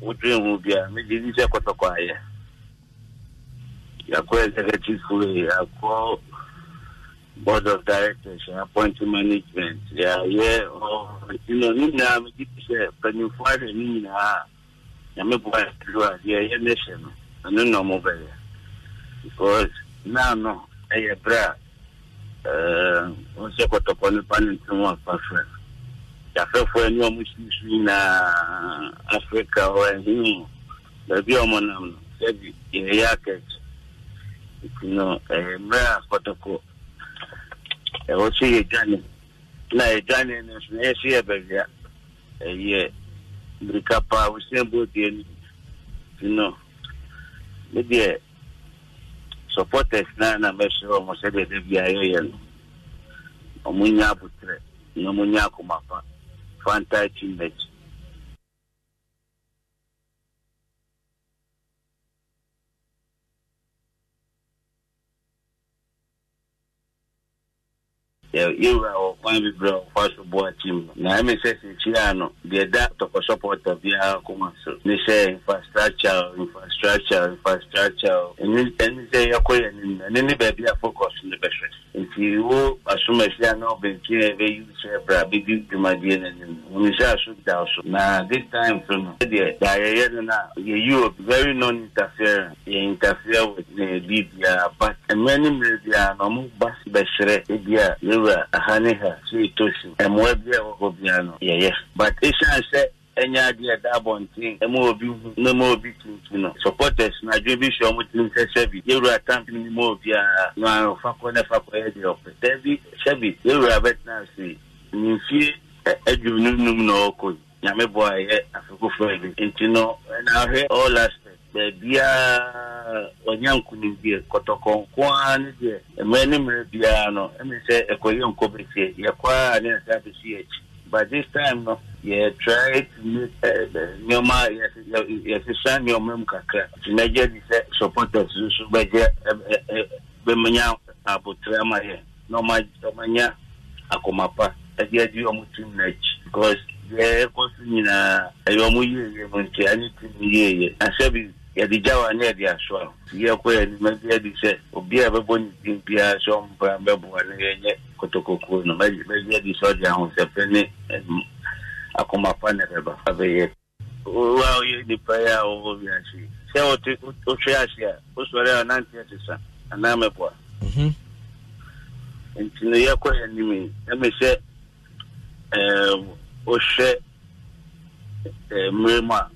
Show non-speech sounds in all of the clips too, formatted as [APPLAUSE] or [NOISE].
wotwe ho bia megye di sɛ kɔtɔkɔ ayɛ yɛakɔ executive school yɛakɔ board of directors yɛappoint management yɛayɛ ɔno ne nyinaa megye di sɛ panimfo ahwɛ ne nyinaa nyame boa a deɛ ɛyɛ ne hyɛ no ɛno na ɔmo bɛyɛ because naa no ɛyɛ berɛ a ɔsɛ kɔtɔkɔ nipa ne ntom afa frɛ no yàfẹ́fọ́ ẹni ọmọ ṣíṣú na áfíríkà ọ ẹ̀hún bẹ̀bí ọmọ nam no ṣẹ́bi yẹ̀yẹ́ akẹ́t ìkùnà ẹ̀yẹ mìíràn àkọ́tọ̀kọ ẹ̀wọ́ sí yẹ dwani na yẹ dwani ẹni nso ẹ̀yẹ sí yẹ bẹ̀bíà ẹ̀yẹ mìíràn pa ọ̀sẹ̀ bóòdì ẹni ìkùnà ní deɛ supporters náà nà mẹ́sọ̀rọ̀ ọmọ sẹ́bi ẹ̀dẹ́bi ayẹyẹ no ọmọ nyɛ abotire na ọmọ nyɛ akoma fantastic match. yɛwura wɔ kwan bebrɛ wɔfa so boa na ɛme sɛ no deɛ da biara koma so ne sɛ infrastructure infrastructure infrastructure ɛne sɛ yɛkɔ yɛ no na ne ne baabi a focus no bɛhwɛ nti wo asomahyia na ɔbɛnti a ɛbɛyi sɛ brɛ bɛdi dwumadeɛ no anim hunu sɛ aso da so na this time so no deɛ da no no a yɛyi very non interference yɛ interfere with ne biribiara but mmerɛ ne mmerɛ biara na ɔmo ba bɛhyerɛ yɛwura wura aha ne ha so ɛtɔ su ɛmmoa bi a ɛwɔ bia no yɛyɛ but ɛsiane sɛ ɛnyɛ adeɛ da abɔnten ɛma obi hu na ma obi tuntum no supporters na adwene bi hyɛ ɔmo sɛ sɛbi yɛwura tampi no ma obiara no afa kɔ na fa kɔyɛ deɛ ɔpɛ daabi sɛbi yɛwura bɛtena ase mfie adwumnum na ɔkɔ nyame bɔ ayɛ afɛkofoɔ bi nti no ɛna all last baabiaa ɔnya nkonim bie kɔtɔkɔ nko ara no deɛ mmerɛ ne mmerɛ biara no ɛne sɛ ɛkɔyɛ nkɔ bɛsie yɛkɔ a ne ɛsa bɛsi akyi but this time no yɛ try to make nneɛma yɛsesa nneɛma mu kakra nti mɛgye di sɛ supporters nso bɛgye bɛmanya abotrɛ ama yɛ na ɔmanya akoma pa ɛde adi ɔmo tim n'akyi because deɛ ɛkɔ so nyinaa ɛyɛ ɔmo yieyɛ mu nti ɛne tim yieyɛ na sɛbi yɛde gya wa ne yɛde asoa yɛkɔ yɛnima bi adi sɛ obi a bɛbɔ ne din biara sɛ ɔmpra bɛboa no yɛnyɛ kotokokuo no bɛbi adi sɛ ɔde ahosɛpɛ ne akoma pa ne bɛba abɛyɛ wa ɔyɛ nipa yɛ a wɔwɔ wiase sɛ wɔte wotwe ase a wosɔre a ɔnanteɛ te sa anaa mɛboa mhm. nti no yɛkɔ yɛnim yi ɛme sɛ wohwɛ mmerɛ mu a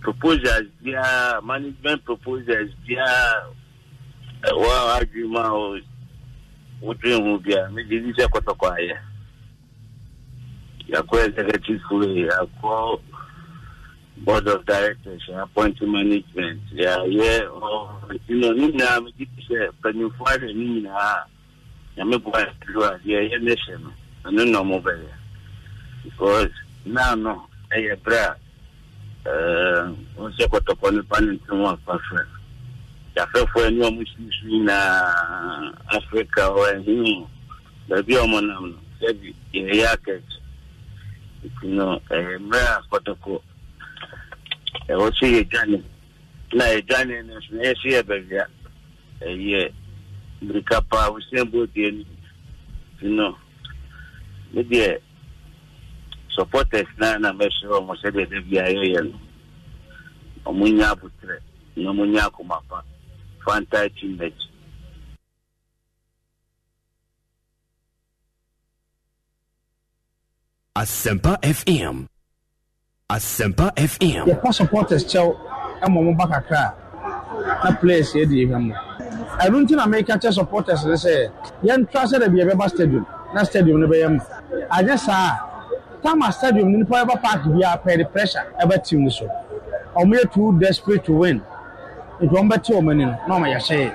proposals their management proposals their eh, well argument or wotwe ho bia megye di sɛ kɔtɔkɔ ayɛ yɛakɔ executive school yɛakɔ board of directors yɛappoint management yɛayɛ nti no ne nyinaa megye di sɛ panyimfo ahwɛ ne nyinaa nyame boa ɛduru a deɛ ɛyɛ ne hyɛ no ɛno na ɔmo bɛyɛ because naa no ɛyɛ berɛ a Eh, sɛ kɔtɔkɔ nipa ne ntɛm afa frɛ yɛafɛfoɔ ani ɔmo susu nyinaa afrika hɔ ɛhene baabi a ɔmo eh, nam eh, no sɛbi yɛyɛ akɛt nti no ɛyɛ mmerɛ a kɔtɔkɔ ɛwɔ so yɛdwane na yɛdwane no nso na yɛsɛ yɛ baabia ɛyɛ mirika paa wosian boodie no nti no ne deɛ supporters na na mɛsrɛ ɔmo sɛdeɛ da bia yɛyɛ no ɔmo nya abotrɛ na ɔmo nya akoma pa fa ntae team match Asempa FM Asempa FM yɛfa supporters kyɛw ɛma ɔmo ba kakra na players yɛ de ɛhwɛ mo ɛno nti na meka kyɛ supporters ne sɛ yɛntra sɛ da bia yɛbɛba stadium na stadium no bɛyɛ mo anyɛ saa tama stadium ne nipa yɛba park bi a pɛɛde pressure ɛbɛ team no so ɔmo yɛ too desperate to win nti ɔmo bɛte ɔmo ani no na ɔmo yɛ hyɛ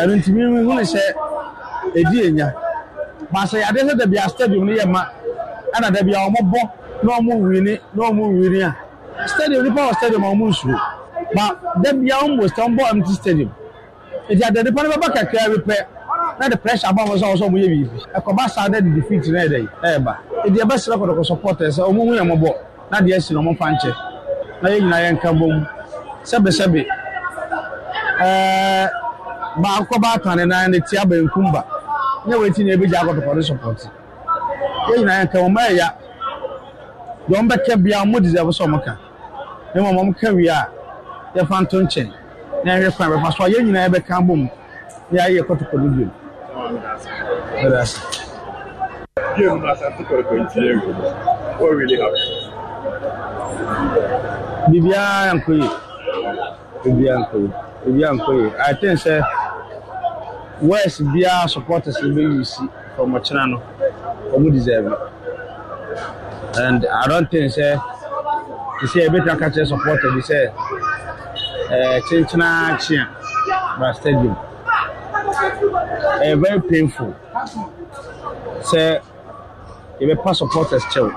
ɛno ntumi mi hu ne sɛ edi enya baasa yɛ adeɛ sɛ dabi a stadium no yɛ ma ɛna dabi a ɔmo bɔ na ɔmo wini na ɔmo wini a stadium nipa wɔ stadium a ɔmo nsuro ba dabi a ɔmo bɔ stadium eti adeɛ nipa no bɛba kakra bi pɛ na de pressure aba wɔn sɛ wɔn sɛ wɔn yɛ biribi ɛkɔba saa de defeat eh, uh, na ɛdɛ ɛɛba ɛdi ɛbɛsirɛ kɔtɔkɔ supporters sɛ wɔn ho yɛ mɔbɔ na deɛ si eh, na wɔn fa nkyɛ na yɛ nyinaa yɛn ka bom sɛbesɛbe ɛɛ baako baatan ne nan ne tia benkum ba ne wɔn ti na ebi gya kɔtɔkɔ ne support yɛ nyinaa yɛn ka wɔn mɛ ya deɛ wɔn bɛka bia wɔn di deɛ wɔsɛ wɔn ka ne mu wɔn ka wie a yɛfa nto nkyɛn na yɛhwɛ kwan bɛfa so a yɛn nyinaa yɛbɛka bom ne ayɛ kɔtɔkɔ no bio. Game as Antikor continue. What really happened? Bibia Ankoye. Bibia Ankoye. Bibia Ankoye. I think sir, West Bia supporters will be you see from Machinano. Omu deserve it. And I don't think sir, you see a better catcher supporter, you say, uh, eh, Chinchina Chia, my stadium. ɛyɛ eh, very painful sɛ yɛbɛpa supporters kyɛw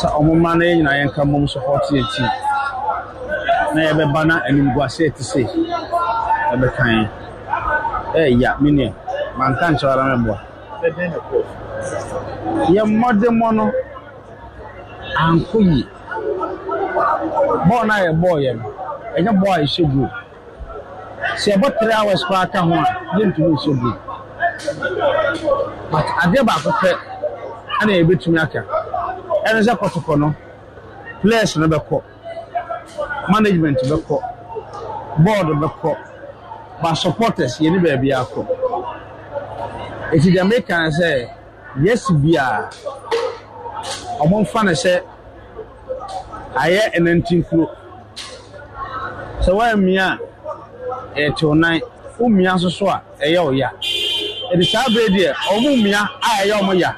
sɛ ɔmo mma no yɛ nyinaa yɛn ka mom support yɛ ti na yɛbɛba na animguase ɛte se ɛbɛkan yɛ ɛɛya eh, me nua manka nkyɛw ara mɛboa yɛ mmɔdemmɔ no ankɔ yie bɔɔl no a yɛbɔɔ yɛ no ɛnyɛ bɔɔl a ɛhyɛ goal sɛ ɛbɔ three hours koraa ka ho a yɛntumi nso bi but adeɛ baako pɛ ɛna yɛbɛtumi aka ɛne sɛ kɔtɔkɔ no players no bɛkɔ management bɛkɔ board bɛkɔ but supporters yɛne baabi akɔ eti deɛ meka ne sɛ yɛsi bia ɔmo nfa ne sɛ ayɛ ɛnantin kuro sɛ wɔyɛ mmea a. yɛte wo nan womia a, a ɛyɛ wo ɛde saa ọ deɛ ɔmo ya a ɛyɛ ọmụ ya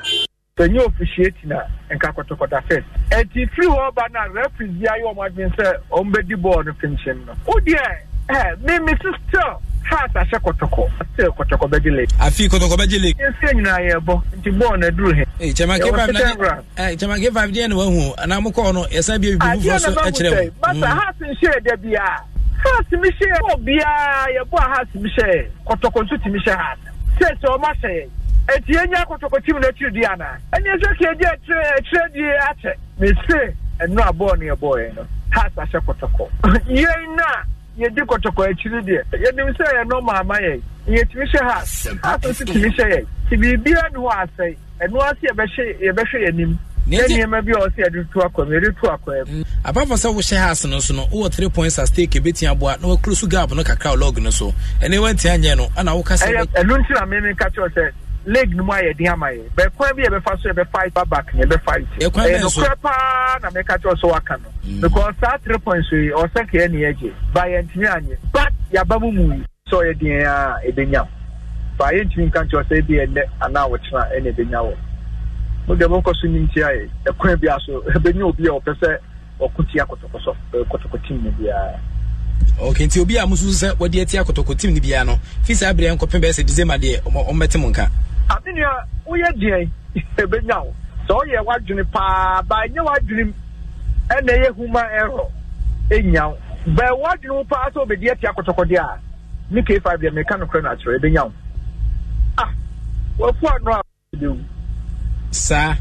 sɛ nyɛ ofisiati nka kɔtɔkɔta first ɛnti firi hɔ ba na bi ayɛ ɔmo adwene sɛ ɔmo bɛdi bɔɔl no finkyɛn no wodeɛ ɛ mimi so still heart ahyɛ kɔtɔkɔ kɔtɔkɔ kɔtɔkɔ nyinaa nti bɔɔl Ee, k5 no so basa mm. heart nhyɛ heart mi hyɛ obiara yɛbɔ a heart mi hyɛ kɔtɔkɔ nso ti mi hyɛ heart sɛsɛ ɔmo ahyɛ eti enya kɔtɔkɔ tim n'akyiri di ana ɛni ɛsɛ kɛgye ɛkyerɛ ɛkyerɛ di akyɛ ne se ɛnu abɔɔ ne ɛbɔɔ yɛ no heart ahyɛ kɔtɔkɔ yɛn na yɛdi kɔtɔkɔ akyiri deɛ yɛnim sɛ yɛ nɔɔma ama yɛ yɛtumi hyɛ heart heart nso tumi hyɛ yɛ ti biribiara ni hɔ asɛe ɛnu ase yɛbɛhwɛ yɛbɛhwɛ yɛn nim nneɛma bi a ɔsɛ yɛde to akɔ mu yɛde to akɔ mu. Mm. apapa sɛ wohyɛ house no so no wowɔ three points a stake ebɛtumi aboa na wakuro so gap no kakra log no so ɛne wantia nyɛ no ana woka sɛ. ɛnu nti na mímí ka kyerɛ sɛ leg no mu ayɛ den ama yɛ bɛkwan bi yɛbɛfa so yɛbɛfa ba back na yɛbɛfa it. ɛkwan bɛn so ɛyɛ nokorɛ paa na mɛka kyerɛ sɛ waka no. Mm. because saa three points yi ɔsɛ kɛyɛ ne yɛgye ba yɛntumi anyɛ but yaba mu mu sɛ ɔyɛ den a ebɛnya ba yɛntumi nka sɛ ebi mo deɛ monkɔ so nim tia yɛ ɛkwan bia so ɛbɛnya obi a ɔpɛ sɛ ɔko tia kɔtɔkɔsɔ kɔtɔkɔtim no biara ok nti obi a musu sɛ wɔde ati akɔtɔkɔtim no biara no fi saa berɛ nkɔpem bɛɛ sɛ december deɛ ɔmmɛte mo nka abenua woyɛ deɛn ɛbɛnya wo sɛ woyɛ w'adwene paa baa ɛnyɛ w'adwenem ɛna ɛyɛ huma ɛrɔ ɛnya wo bɛɛ w'adwene wo paa sɛ wobɛdi ati akɔtɔkɔdeɛ a ne k5 deɛ meka nokorɛ no akyerɛ ɛbɛnya wo ah wafu saa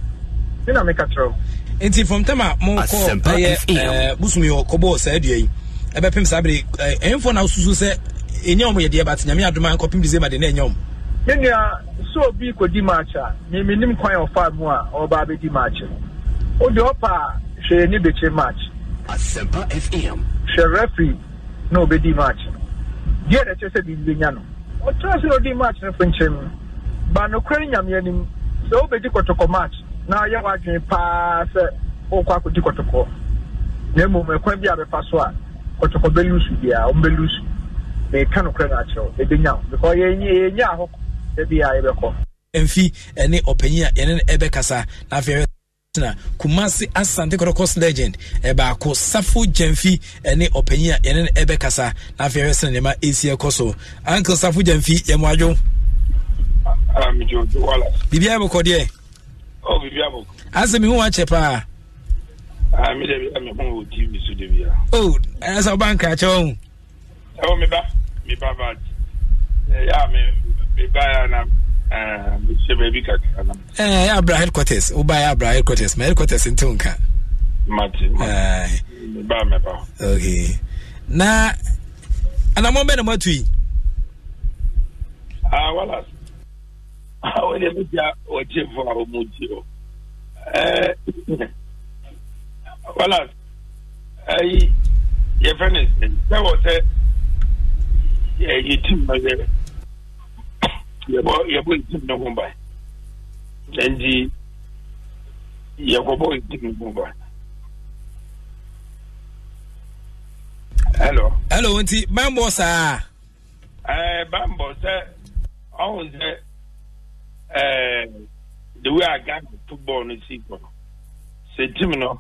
ɛna meka kyerɛ nti from time a mokɔ ɛyɛ eh, bosumi hɔ kɔbɔɔ saa adua yi ɛbɛpem saa bere eh, ɛmfoɔ na wosusu sɛ ɛnyɛ ɔm yɛdeɛ bate nyame adoma nkɔpem december de na ɛnyɛ ɔm me nua sɛ obi kɔdi match a memenim kwan ɔfa mu a ɔba bɛdi match wode ɔpa a hwɛ yɛni bɛkye match hwɛ refri na ɔbɛdi match deɛ dɛ kyerɛ sɛ biribi bɛnya no ɔtena sɛ na di match no fo nkyɛn mu ba nokorɛ no nyameɛ nim sɛ wobɛdi kɔtɔkɔ match na yɛ na mmom ɛkwan bi a bɛfa so a kɔtɔkɔ bɛlusu na no akyerɛw ɛbɛnya a yɛbɛkɔ mfi ɛne eh, ɔpanyin a yɛne no na afei na kumasi asante kɔrɔkɔs legend ɛbaako eh, safo eh, ɔpanyin a yɛne no na afei ɛbɛsɛn nneɛma biribi a bɔkɔ deɛ asɛ mehu wakyɛ paa ɛsɛ woba nka kyɛ wo oh, meba meba bat ɛyɛ eh, me mebaɛ na mehyɛ baabi kakra nam ɛyɛ eh, abra headquarters wobaɛ abra headquarters ma headquarters nte wo nka mate meba eh. meba okay na anammɔ bɛ na moatu yi ah, walas awo ne bi ja ọjẹ fún àwọn ọmọ di ọ ẹ wọlá ẹyí yẹ fẹ ne sẹ sẹ wọ sẹ ẹ yẹ tí mo yẹ yẹ bọ yẹ bọ ìdí mi nìkún báyìí ẹnjí yẹ kọ bọ ìdí mi nìkún báyìí. hello. hello nti bambọ saa. ẹ bambọ sẹ ọhún sẹ. Eh, the way I got the football ní sí kọ ṣe tíìmù náà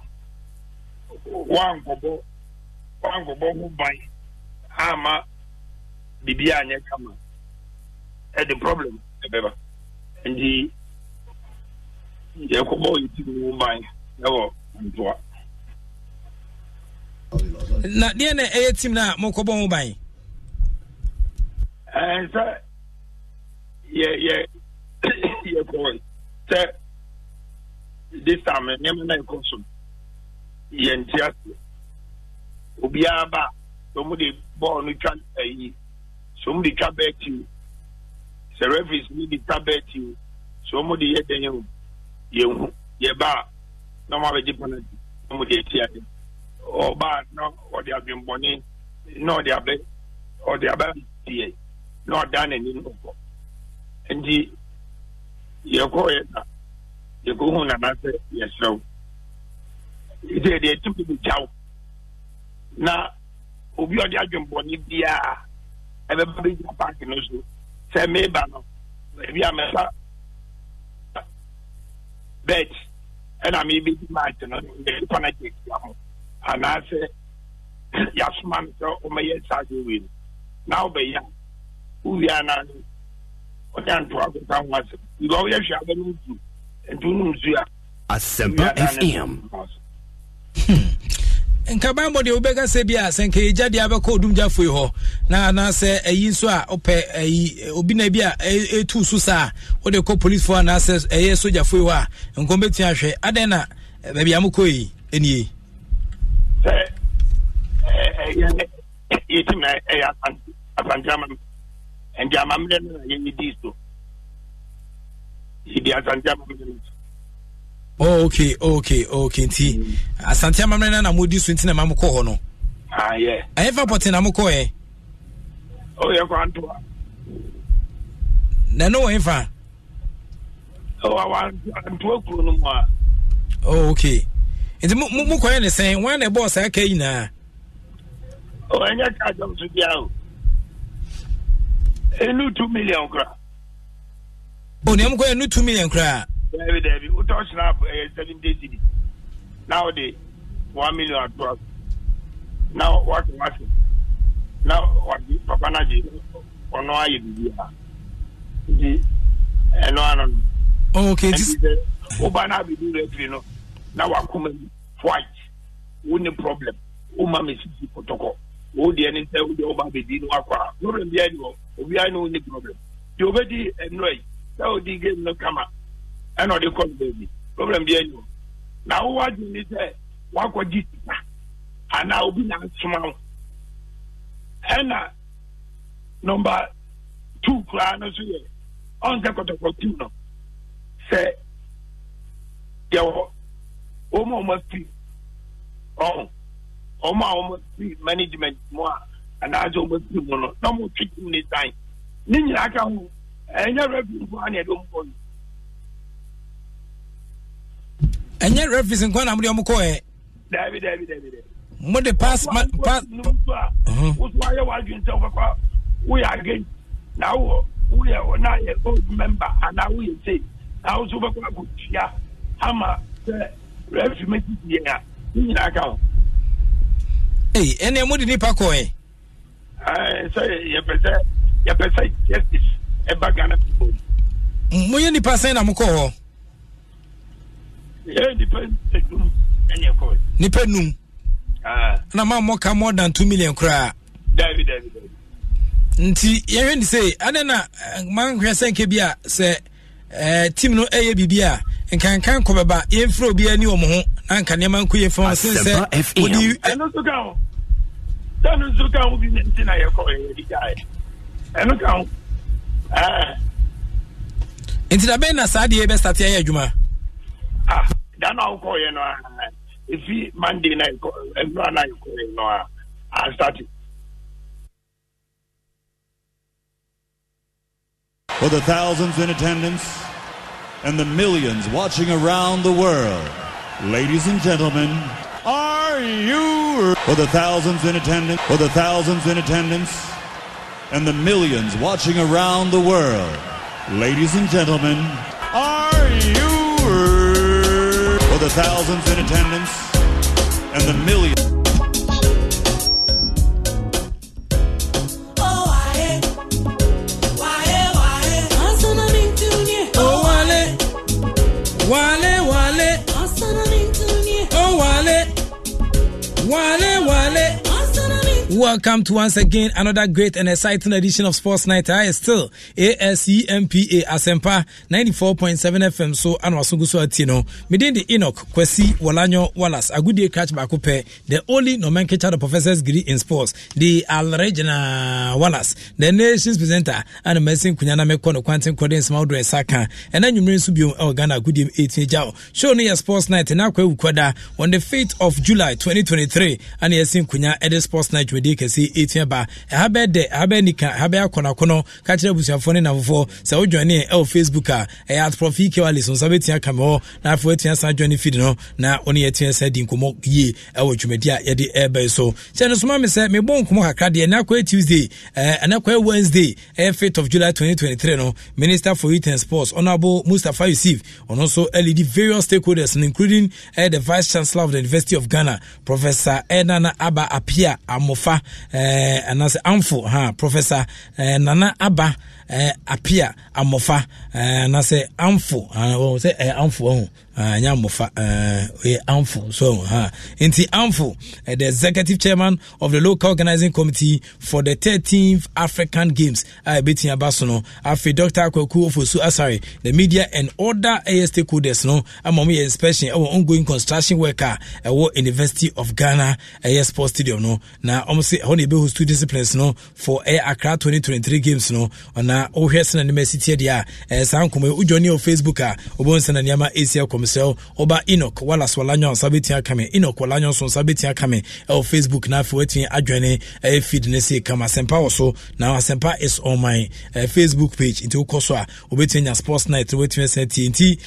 wà á one go buy. nkọ̀bọ̀ hó ban á ma bìbí à problem ẹ And the nti yẹ kọ bọ́ọ̀ yìí tíìmù hó ban ẹ na deɛ na ɛyɛ tim no a mokɔbɔ ho ban ɛɛ sɛ yɛ yɛ point sɛ this time nneɛma na ɛkɔ so yɛn ti ase obiara ba so mo de bɔɔl no twa ayi so mo de twa bɛɛ ti sɛ referees mo de twa bɛɛ ti so mo de yɛ dɛn yɛn o yɛn ho yɛ ba na mo abɛgye penalty na mo de eti ade ɔbaa na ɔde adwembɔne na ɔde abɛ ɔde abɛ tie na ɔda n'anim ɔkɔ nti. yɛkɔɔyɛ na yɛkɔhu nana sɛ yɛserɛ wo yɛde atumi na obi ɔde adwembɔne biara ɛbɛba bɛgyina paake no so sɛ meba no baabi a mɛsa bet ɛna mebɛdi no mɛkɔ na gyekia ho anaasɛ yɛasoma no sɛ ɔmɛyɛ saa wei no na wobɛyɛ a wowie anaa no ɔnya nto akɔka ho asɛm bika ɔyɛ hwɛ abɛ no nsu nti wonom su a asɛmpa fm nka bambɔ deɛ wobɛka sɛ bi a sɛ nka yɛgya deɛ abɛkɔ odumgyafoi hɔ na anaasɛ ayi nso a wopɛ ayi obi na bi a ɛtu so saa a wode kɔ policefoɔ anaasɛ ɛyɛ sogyafoi hɔ a nkɔm bɛtua hwɛ adɛn na baabi a mokɔ yi ɛnie sɛ yɛtumi ɛyɛ asante nti amammerɛ no na yɛnyɛ dii so yɛdi asante amammerɛ no so Oh, okay, okay, okay. Nti asante amammerɛ no na modi so nti na ma mokɔ hɔ no ɛyɛ vapɔte na oh, mokɔ ɛ ɔyɛ antoa na ɛno wɔ mfa antoa kuro no mu a oh, okay nti mokɔɛ ne sɛn wan na ɛbɔɔ saa ka nyinaa ɛnyɛ ka so biaa ɛnu two million kura. oníyàmú kọ́ ɛnu two million kura. dɛbi dɛbi o tɔ snap ɛyɛ seven days bi na o de one million ato a Now wati wati Now wati papa oh, na je ɔno ayɛ bibi a nti ɛno ano no. ok nti sɛ o ba na abidu refiri no na wakoma mu white wo ne problem o ma mi sisi kotoko o deɛ ne sɛ o deɛ o ba abedi no akɔ a problem bi ɛni hɔ obiara ne wo ne problem deɛ wobɛdi mmerɛ yi sɛ wodi game no kama ɛna ɔde kɔ baabi problem bi ani hɔ na wowɔ agye ne sɛ woakɔgye sika anaa obi na asoma wo ɛna nɔmba two koraa no so yɛ ɔnsɛ kɔtɔkɔ two no sɛ yɛwɔ wɔn a wɔn afi ɔho wɔn a wɔn afi management mu a anaasɛ ɔmafiri mu no na motwe tim ne san ne nyinaa ka ho ɛnyɛ refi nko a ne ɛde ɔmkɔ no ɛnyɛ refis nkɔ na mode ɔmo kɔɛ daabi daabi daabi daabi mode pass ma pass woso ayɛ w'adwene sɛ wobɛkɔ woyɛ again na wowɔ woyɛ ɔna yɛ old member ana woyɛ sei na wo so wobɛkɔ akɔtua ama sɛ refi mɛtitiɛ a ne nyinaa ka ho ɛnɛ mode nipa kɔɛ sɛ yɛpɛ nipa sɛn na mokɔ hɔ nipa num nipa na ma mmɔka more than 2 million koraa nti yɛhwɛ ne sei adɛn na eh, manhwɛ sɛ nkɛ bi a sɛ eh, team no ɛyɛ biribi a nkanka ni wɔ na nka nneɛma nkɔ yɛ fa sen sɛ wode sanu nso ka ho bi nti na yɛkɔ yɛdi ɛno ka ho eh. nti bɛn na saa deɛ ayɛ adwuma ah, da no ɛfi monday na ɛnura no a astate For the thousands in attendance and the millions watching around the world, ladies and gentlemen, are you for the thousands in attendance, for the thousands in attendance, and the millions watching around the world. Ladies and gentlemen, are you for the thousands in attendance and the millions? Welcome to once again another great and exciting edition of Sports Night. I is still ASEMPA Asempa 94.7 FM. So, and was so Atino. Midin the Enoch, Kwesi, Walanyo, Wallace, a good day catch Bakupe, eh. the only nomenclature the professor's degree in sports, the Alregina Wallace, the nation's presenter, and a messing Kunyana Mekono Quantum Cordin Smaldo and Saka, and then you bring Subio Organa Gudim 18 Jow. Show me a Sports Night in Akwe Ukwada on the 5th of July 2023, and yes, Kunya Edit Sports Night with dwumadie kɛse ɛtua ba ɛha bɛ dɛ ɛha bɛ nika ɛha bɛ akɔnakɔnɔ ka kyerɛ abusuafoɔ ne nafofoɔ sɛ wodwane ɛwɔ facebook a ɛyɛ atprɔfi e kewale so nsa bɛtua ka me hɔ na afei watua san dwane feed no na ɔne yɛtua san di nkɔmmɔ yie ɛwɔ dwumadi a yɛde ɛbɛn so kyɛ no soma me sɛ mebɔ nkɔmmɔ kakra deɛ ɛnɛ akɔyɛ tuesday ɛnɛ akɔyɛ wednesday ɛyɛ 5th of july 2023 no minister for youth and sports Honourable mustapha yusuf ɔno nso ɛlidi various stakeholders including eh, the vice chancellor of the university of ghana professor ɛnana aba apia amofa aba anaasɛ anfo ha professor eh, nana aba eh, apia anfo anaasɛ amfo sɛ amfo ahu ɛnyɛ ah, mmɔfa ɛyɛ eh, amfo so ha nti amfo eh, the executive chairman of the local organizing committee for the 13th african games a ah, ɛbɛtumi aba so no afei dr akwaku ofosu asare ah, the media and other ɛyɛ stakeholders no ama mo yɛ inspection ɛwɔ ongoing construction worker a ɛwɔ university of ghana ɛyɛ sports stadium no na ɔmo sɛ ɛhɔ na ɛbɛhost two disciplines no for ɛyɛ accra 2023 games no ɔna wohwɛ sena nneɛma ɛsi tiɛ deɛ a ɛyɛ eh, saa nkɔmɔ yɛ wodwane wɔ facebook a wobɛhu sena nneɛma ɛsi com sɛ ɔba enoch walas walanyo nsa bɛtumi aka me enoch walanyo nso nsa bɛtumi aka me ɛwɔ eh, facebook na afei watumi adwene ɛyɛ eh, feed ne se kam asɛmpa wɔ so na asɛmpa is on my uh, facebook page nti wokɔ so a wobɛtumi nya sports night na wobɛtumi asa tie nti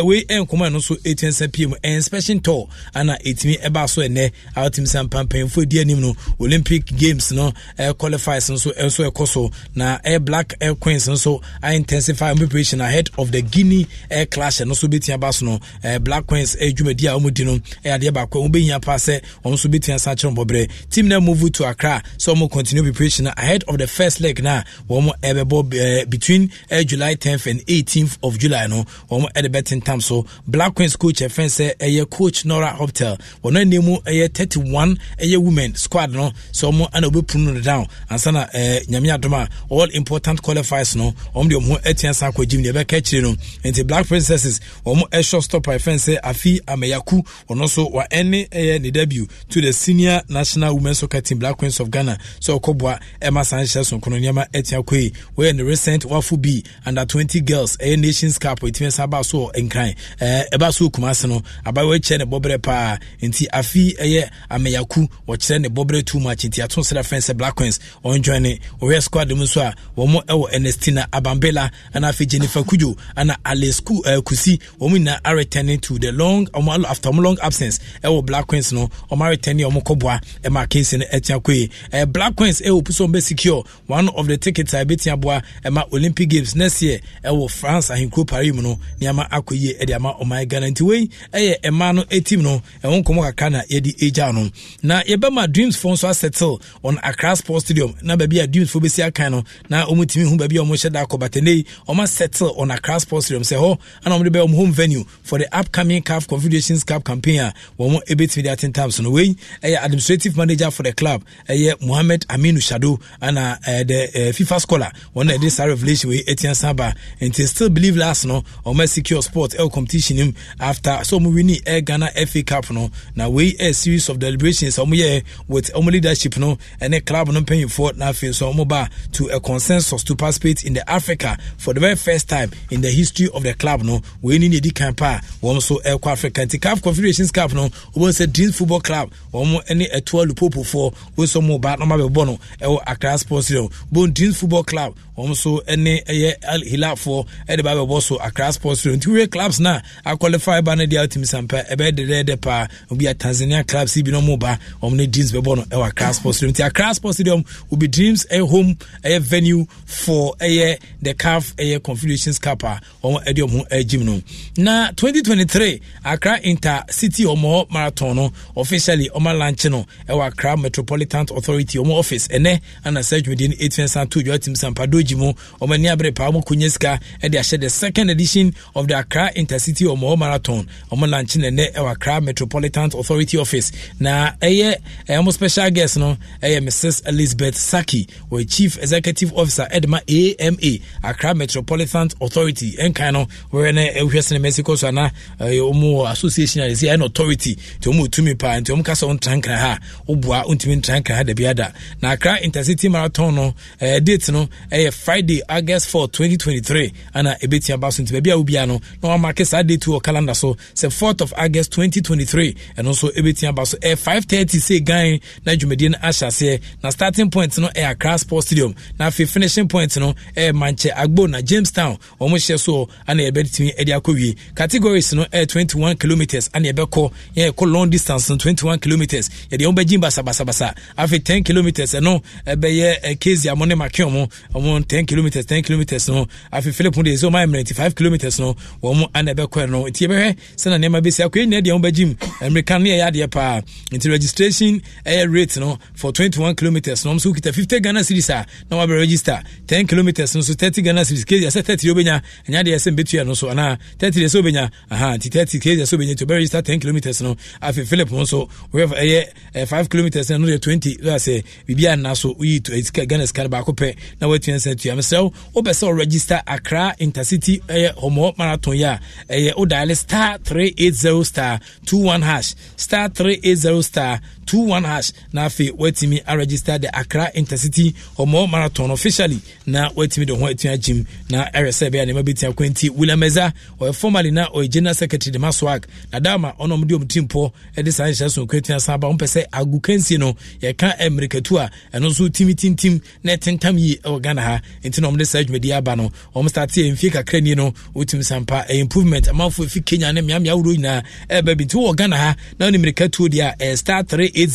uh, wei ɛnkɔma ɛno nso ɛtumi asa pie mu inspection tour ana ɛtumi ɛba so ɛnɛ a wotumi sɛ mpampanyimfoɔ adi anim no olympic games no uh, qualifies nso ɛnso ɛkɔ so na air black air queens nso intensify preparation ahead of the guinea air clash ɛno nso bɛtumi aba so no black queens adwumadi eh, a wɔmudi no ɛyɛ adeɛ baako wɔbɛhia pa sɛ wɔn nso bɛtumi asa kyerɛ mbɔberɛ team na move to accra so wɔn continue preparation ahead of the first leg na wɔn ɛbɛbɔ between july tenth and eighteenth of july no wɔn ɛde bɛtentam so black queens coach ɛfɛn sɛ ɛyɛ coach nora hotel wɔn anim mu ɛyɛ one ɛyɛ women squad no So wɔn ana wɔbɛpunu no down ansa na ɛɛ nyame adom all important qualifiers no wɔn de wɔn ho ɛtia san akɔ gyim deɛ ɛbɛka akyire no nti black princesses wɔn ɛhyɛ stop a friend Afi Ameyaku ɔno nso wa ɛne ɛyɛ ne debut to the senior national women soccer team Black Queens of Ghana sɛ ɔkɔboa ɛma saa nhyɛ sonkono nneɛma ɛtia kɔ wɔyɛ ne recent wafo bi under twenty girls ɛyɛ nations cup ɛtumi san ba so nkran ɛɛ ɛba so kumase no abayewa kyerɛ ne bɔbrɛ paa nti Afi ɛyɛ Ameyaku wɔkyerɛ ne bɔbrɛ too much nti ato srɛ friend sɛ Black Queens ɔnjoin ne wɔyɛ squad mu nso a wɔn ɛwɔ Ernestina Abambela ɛna afei Jennifer Kujo ɛna Alice Kusi wɔn nyinaa returning to the long ɔmo after ɔmo long absence ɛwɔ black queens no ɔmo returning ɔmo kɔboa ɛma case no ɛtia koe ɛɛ black queens ɛwɔ puso ɔmo bɛ secure one of the tickets a ɛbɛtia boa ɛma olympic games next year ɛwɔ france ahenkuro paris mu no nneɛma akɔ yie ɛde ama ɔmo ghana nti wei ɛyɛ ɛmaa no etim no ɛho nkɔmɔ kakra na yɛde egya no na yɛbɛma dreams fo nso asettle on accra sports stadium na baabi a dreams fo bɛsi akan no na ɔmo tumi hu baabi a ɔmo hyɛ da akɔ batɛnɛ yi ɔmo asettle on accra sports stadium sɛ hɔ ɛna ɔmo de bɛ ɔmo home venue for the upcoming CAF Confederations Cup campaign a wɔn ɛbɛtumi de atentam so no wei ɛyɛ administrative manager for the club ɛyɛ Mohammed Aminu Shado ana ɛɛ the FIFA scholar wɔn na ɛde saa revelation wei ɛtia san ba nti still believe last no wɔn secure sport ɛwɔ competition nim after so wɔn win air Ghana FA Cup no na wei ɛyɛ series of deliberations wɔn yɛ with wɔn leadership no ɛne club no mpanyinfoɔ na afei nso wɔn ba to a consensus to participate in the Africa for the very first time in the history of the club no wei ni ne di kan paa wɔn nso ɛkɔ africa nti caf confederations cup no wɔn sɛ dreams football club wɔn ne ɛtoa lupopofoɔ wɔn nso mo ba na wɔn abɛbɔ no ɛwɔ accra sports stadium bon dreams football club wɔn nso ne ɛyɛ hilafoɔ ɛde ba abɛbɔ so accra sports stadium nti wɔyɛ clubs na akɔlify ba no deɛ ɔtumi sampa ɛbɛyɛ dɛdɛɛdɛ paa obi a tanzania clubs yi bi ba wɔn ne dreams bɛbɔ no ɛwɔ accra sports stadium nti accra sports stadium will be dreams a home a venue for ɛyɛ the caf ɛyɛ confederations cup a wɔn ɛde wɔn ɛgyim no na twenty. 2023 Accra Intercity Omo Marathon no officially Oma Lanche no ɛwɔ Accra Metropolitan Authority Omo office ɛnɛ ana sɛ dwumadie no 8 nsa to dwa tim sampadogi mu ɔmo ani abere paa ɔmo konya sika ɛde ahyɛ the second edition of the Accra Intercity Omo Marathon Omo Lanche no ɛnɛ ɛwɔ Accra Metropolitan Authority office na ɛyɛ ɛmo special guest no ɛyɛ Mrs Elizabeth Saki wɔ Chief Executive Officer ɛdema AMA Accra Metropolitan Authority ɛnkan no wɔyɛ no ɛhwɛ sinimɛsi kɔ so anaa anaa eh, ɔmo association a yɛsɛ ɛna authority nti ɔmo tumi paa nti ɔmo kasa ɔmo ntrankran ha ɔboa ɔntumi ntrankran ha dabi ada na Accra intercity marathon no ɛɛ eh, date no ɛyɛ eh, Friday August four twenty twenty three ɛna ebetia ba so nti baabi a obia no na wɔn amake saa date wɔ calendar so sɛ fourth of August twenty twenty three ɛno nso ebetia ba so ɛɛ five thirty say gan na dwumadie no ahyɛ aseɛ na starting point no ɛyɛ Accra Sports Stadium na afei finishing point no ɛyɛ Manche Agbo na Jamestown wɔn hyɛ so ɛna yɛbɛtumi ɛde akɔ wie category categories no ɛyɛ eh, twenty one kilometres ɛna yɛbɛkɔ yɛkɔ eh, long distance no twenty one kilometres yɛde wɔn bɛgyin basabasabasa afei ten kilometres ɛno ɛbɛyɛ ɛkezi amɔ ne makin ɔmo ɔmo ten kilometres ten kilometres no afei philip de ɛsɛ ɔmo eh, ayɛ ninety five kilometres no wɔn ɛna ɛbɛkɔ ɛno nti yɛbɛhwɛ sɛnɛ nneɛma bɛsi akɔ yɛn nyɛ deɛ wɔn bɛgyin ɛmirika no yɛ adeɛ paa nti registration ɛyɛ rate no for twenty one kilometres no ɔmo so kita fifty ghana series a na wabɛ register ten kilometres no so thirty ghana series kezi ɛsɛ thirty yɛ obɛnya ɛnya ɛsɛ mbɛtua no so anaa thirty ɛsɛ obɛnya aha nti thirty kg ɛsɛ obɛnya to register ten kilometres no afei philip nso ɔyɛ ɛyɛ five kilometres no yɛ twenty so asɛ biribi anna so woyi sika ghana sika no baako pɛ na woatua nsa tua mesrɛ wo wopɛ sɛ ɔregister akra intercity ɛyɛ homo marathon yi a ɛyɛ wo star three eight zero star two one hash star three eight zero star two one hash na afei watumi aregister the accra intercity ɔmɔ marathon officially na watumi de ho atua gyim na ɛhwɛ sɛ ɛbɛyɛ nneɛma bɛtumi akɔ nti william ɛza ɔyɛ formerly na ɔyɛ general secretary de MASWAG, na dama ɔno ɔmo de ɔmo tim poɔ ɛde saa nhyɛ so nko atua san ba ɔmo pɛ sɛ agu kansie no yɛka mmirikatu a ɛno nso timi tintim na ɛtentam yie ɛwɔ ghana ha nti na ɔmo de saa dwumadi aba no ɔmo start yɛ mfie kakra nie no wotumi sampa ɛyɛ improvement amanfo efi kenya ne mmeamea ahorow nyinaa ɛɛbɛ bi nti wɔ ghana ha na ɔne mmirikatu deɛ ɛyɛ star three Eh,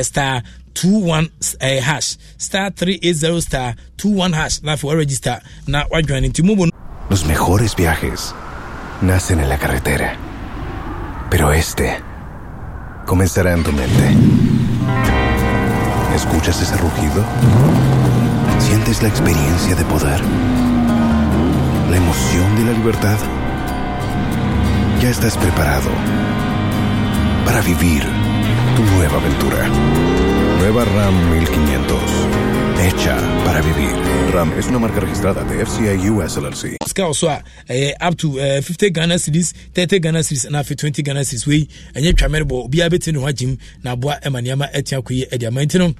star eh, star Los mejores viajes nacen en la carretera, pero este comenzará en tu mente. ¿Escuchas ese rugido? ¿Sientes la experiencia de poder? ¿La emoción de la libertad? Ya estás preparado para vivir tu nueva aventura. Nueva RAM 1500. Hecha para vivir. RAM es una marca registrada de FCA US LLC. so a eh, up to uh, eh, 50 ghana series 30 ghana series and after 20 ghana series wei ɛnyɛ twa mɛrebɔ be a ne ho agyem na aboa ɛma nneɛma atia kɔ yi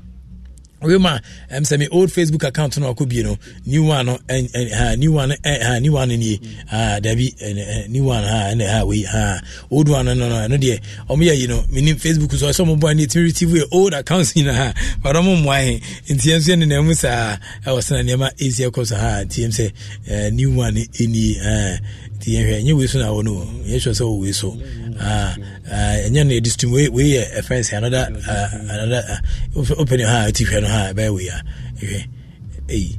wema ɛm sɛ me old facebook account no akɔ bie no new one no new one ha new one nie ah dabi new one ha ɛna ha wei ha old one no no ɛno deɛ ɔmo yɛ yi no oh, me nim facebook so ɔsɛ ɔmo bɔ ne ti retrieve old accounts yi na ha but ɔmo mmoa he nti ɛnso ɛne na ɛmu saa ɛwɔ sena nneɛma esi ɛkɔ so ha nti ɛm sɛ eh, new one nie ha nti yɛhwɛ ɛnyɛ wei so na wɔ no yɛhwɛ sɛ wɔ wei so ah, ah, ɛnyɛ no yɛde stum wei yɛ ɛfɛnse anoda anoda open your heart ti hwɛ no ha ɛbɛyɛ wei a ɛhwɛ ɛyi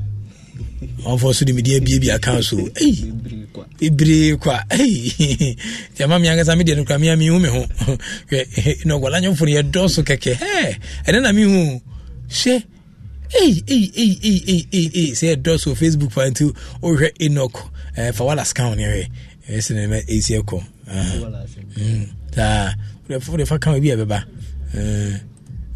ɔmfɔ so de medeɛ abiabi aka so ei bebree kwa ei nti ama me ankasa medeɛ no kora mea mehu me ho hwɛ [LAUGHS] nɔgwalanyɛfo no yɛdɔɔso kɛkɛ hɛ ɛnɛ na mehu hyɛ sɛ ɛdɔ so facebook fa nti wohwɛ enok fa walas count ne hwɛ ɛsɛ ne ma ɛsi ɛkɔ saa wode fa count bi a uh-huh. mm. bɛba eh.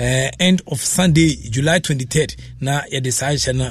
uh, end of sunday july 23rd na yɛde saa hyɛ no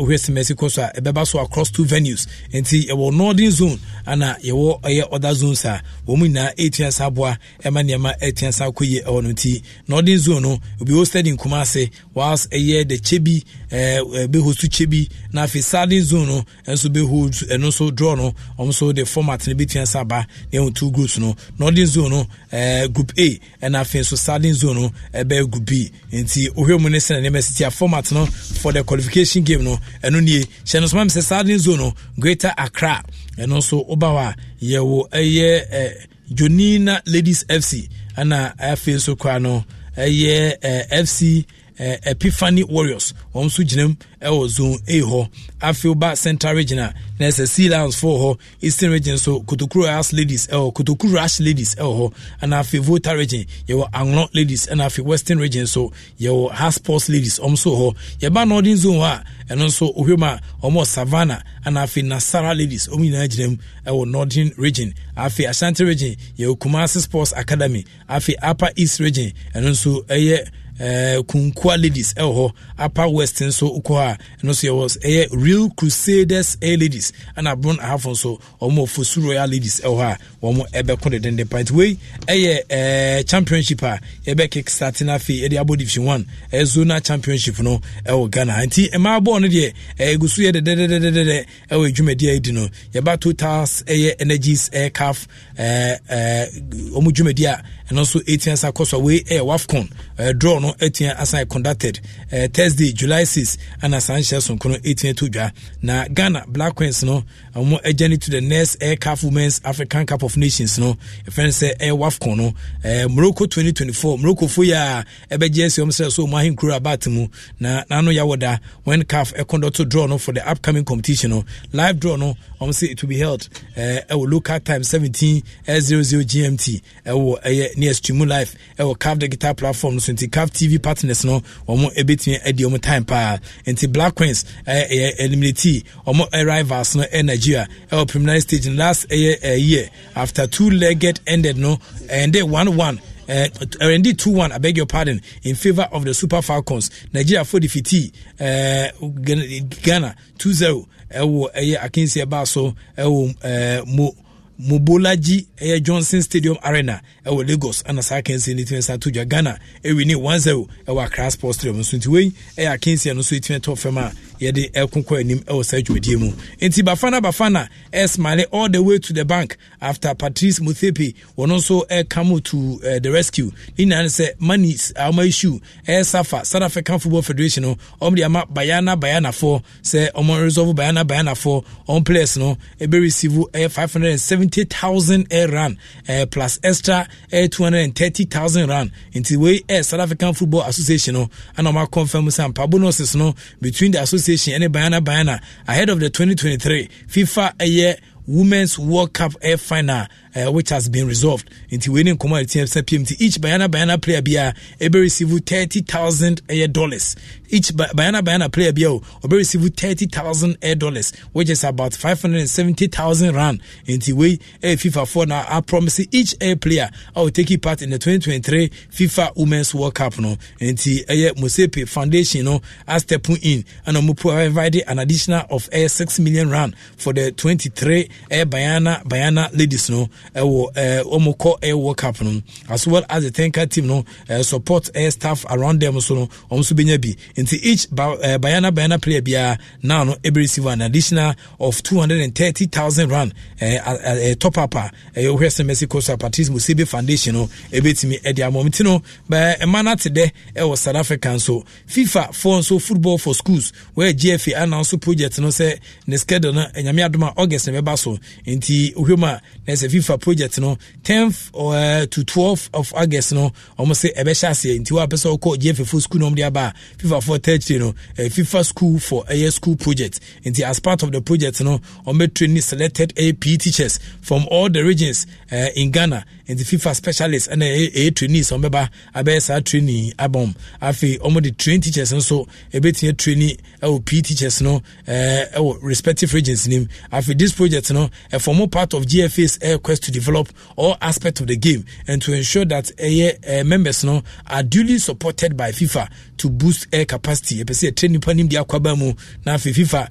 ɔhwɛ simɛsi kɔ so a ɛbɛba so across two venues nti yɛwɔ northern zone ana yɛwɔ ɛyɛ other zones a wɔn mu nyinaa ɛtua sa aboa ɛma nneɛma ɛtua sa akɔ yie ɛwɔ no nti northern zone no obi hosted in kumase whilst ɛyɛ the chebi ɛɛ ɛbɛ hosu chebi na afei sardin zone no nso bɛhold ɛno nso draw no ɔmo nso de format no bɛtua nsa aba na ɛhu two groups no northern zone no ɛɛ group a ɛna afei nso sardin zone no ɛbɛyɛ group b nti ohwɛ mu ne sɛnɛ nneɛma si tia format no for the qualification game no ɛno nie hyɛn no so maame sɛ sardin zone no greater accra ɛno nso ɔba hɔ a yɛwɔ ɛyɛ ɛɛ jonina ladies fc ɛna afei nso kora no ɛyɛ ɛɛ fc. Eh, epiphany warriors wɔn nso gyinam wɔ zone a hɔ afei central region a na ɛsɛ sea lions foɔ hɔ eastern region so kotokuro ash ladies ɛwɔ kotokuro ash ladies ɛwɔ hɔ ɛna afei volta region yɛwɔ anglo ladies ɛna afi western region so yɛwɔ hasports ladies wɔn nso hɔ yɛba northern zone hɔ a ɛno nso ohwɛm a wɔn savannah ɛna afi nasara ladies wɔn nyinaa gyinam ɛwɔ northern region Afi ashanti region yɛwɔ kumasi sports academy Afi upper east region ɛno nso ɛyɛ. Eh, kunkua ladies ɛwɔ hɔ apa west nso kɔ a ɛno nso yɛwɔ ɛyɛ eh, real crusaders air eh, ladies ɛna bron ahafo nso wɔn fosu royal ladies ɛwɔ hɔ a wɔn ɛbɛko dedenden pa nti wei ɛyɛ ɛɛ championship a yɛbɛ kick starting afei yɛde abɔ division one ɛyɛ zona championship no ɛwɔ ghana nti mmaa bɔɔl no deɛ ɛyɛ egu yɛ dedededede ɛwɔ edwumadi a yɛdi no yɛba totals ɛyɛ energies ɛyɛ caf ɛɛ ɛɛ wɔn dwumadi a ɛno nso ɛtia sa kɔ so a wei ɛyɛ wafcon uh, draw no as I conducted uh, thursday july 6 ana saa nhyɛ sonko no ɛtia to dwa na ghana black queens no wɔn um, journey to the next aircraft women's african cup of nations no ɛfɛn sɛ ɛyɛ wafcon no ɛɛ eh, morocco 2024 morocco fo yi a ɛbɛgye ɛsɛ wɔn sɛ so wɔn ahenkuro abaate mu na n'ano yɛ wɔda when caf ɛkɔndɔto eh, draw no for the upcoming competition no live draw no wɔn sɛ it will be held ɛɛ uh, ɛwɔ local time 17 00 gmt ɛwɔ ɛyɛ near stream live ɛwɔ eh, caf digital platform so nti caf tv partners no wɔn ɛbɛtumi ɛdi wɔn time paa nti black queens ɛɛ ɛyɛ eliminate wɔn rivals no ɛna Nigeria ɛwɔ preliminary stage in last ɛyɛ year after two legged ended no ɛndɛ one one. Uh, RND 2 1, I beg your pardon, in favor of the Super Falcons. Nigeria 4 defeat uh, Ghana 2 0. ɛwɔ ɛyɛ akensi ɛbaa so ɛwɔ ɛɛ mo mobolaji ɛyɛ johnson stadium arena ɛwɔ lagos ɛna saa akansie no tumi sa to dwa ghana ɛwi ne one zero ɛwɔ accra sports stadium nso nti wei ɛyɛ akansie no nso etumi tɔ fam a yɛde ɛkonkɔ anim ɛwɔ saa dwumadie mu nti bafana bafana ɛsmale all the way to the bank after patrice muthepe wɔno nso ɛkamo to uh, the rescue ne nyinaa ne sɛ manis a ah, wɔma issue ɛyɛ safa south african football federation no ɔmde ama bayana bayanafoɔ sɛ ɔmo resolve bayana bayanafoɔ ɔmo players no ɛbɛreceive ɛyɛ 570000 air rand uh, plus extra uh, eh, 230000 rand nti wei ɛyɛ south african football association no ana ɔma confirm sɛ mpa bonuses no between the association Association ɛne Bayana Bayana ahead of the 2023 FIFA ɛyɛ Women's World Cup Air Final uh, which has been resolved. Into winning ne nkɔmɔ a PMT each Bayana Bayana player will a ɛbɛ receive thirty thousand air dollars. Each Bayana Bayana player bi a ɔbɛ receive thirty thousand air dollars which is about five hundred and seventy thousand rand. Into way eh, FIFA four now, I promise each air player I will take part in the twenty twenty three FIFA Women's World Cup no. into air eh, Musepe Foundation no a step in ɛna mo provide an additional of air eh, six million rand for the twenty three air Bayana Bayana ladies no. ɛwɔ ɛɛ wɔn kɔ ɛyɛ world cup no as well as the tenka team no ɛɛ support ɛɛ staff around them so no wɔn nso bɛnya bi nti each ba ɛɛ bayana bayana player biara now no ebi receive an additional of two hundred and thirty thousand rand ɛɛ ɛɛ top up a ɛyɛ ohwɛ sɛ mercy coastal patrice musebe foundation no ebetumi ɛde ama wɔn ti no bɛɛ ɛma na te dɛ ɛwɔ south africa nso fifa for nso football for schools wɔyɛ gfa announce project no sɛ ne schedule no ɛnyame adoma august na ɛbɛba so nti ohwɛ mu a ɛsɛ fifa. IFA project no 10th uh, to 12th of August no ɔmo sɛ ɛbɛhyɛ aseɛ nti wɔn apɛ sɛ ɔkɔ GFFO school na ɔmo de aba a FIFA for Thursday no uh, FIFA school for ɛyɛ uh, eh, school project nti as part of the project no ɔmo bɛ train selected APE teachers from all the regions uh, in Ghana nti fifa specialist ɛna ɛyɛ trainees ɔmo bɛba abɛyɛ saa training abɔm afei ɔmo de train teachers nso ebetumi training ɛwɔ p teachers no ɛɛ eh, ɛwɔ respective regions nim afei this project no ɛfɔmo eh, part of gfa's air eh, quest to develop all aspects of the game and to ensure that ɛyɛ ɛɛ members no are duly supported by fifa to boost air capacity ɛpɛ sɛ yɛtrɛ nnipa nim de akwaba mu na afei fifa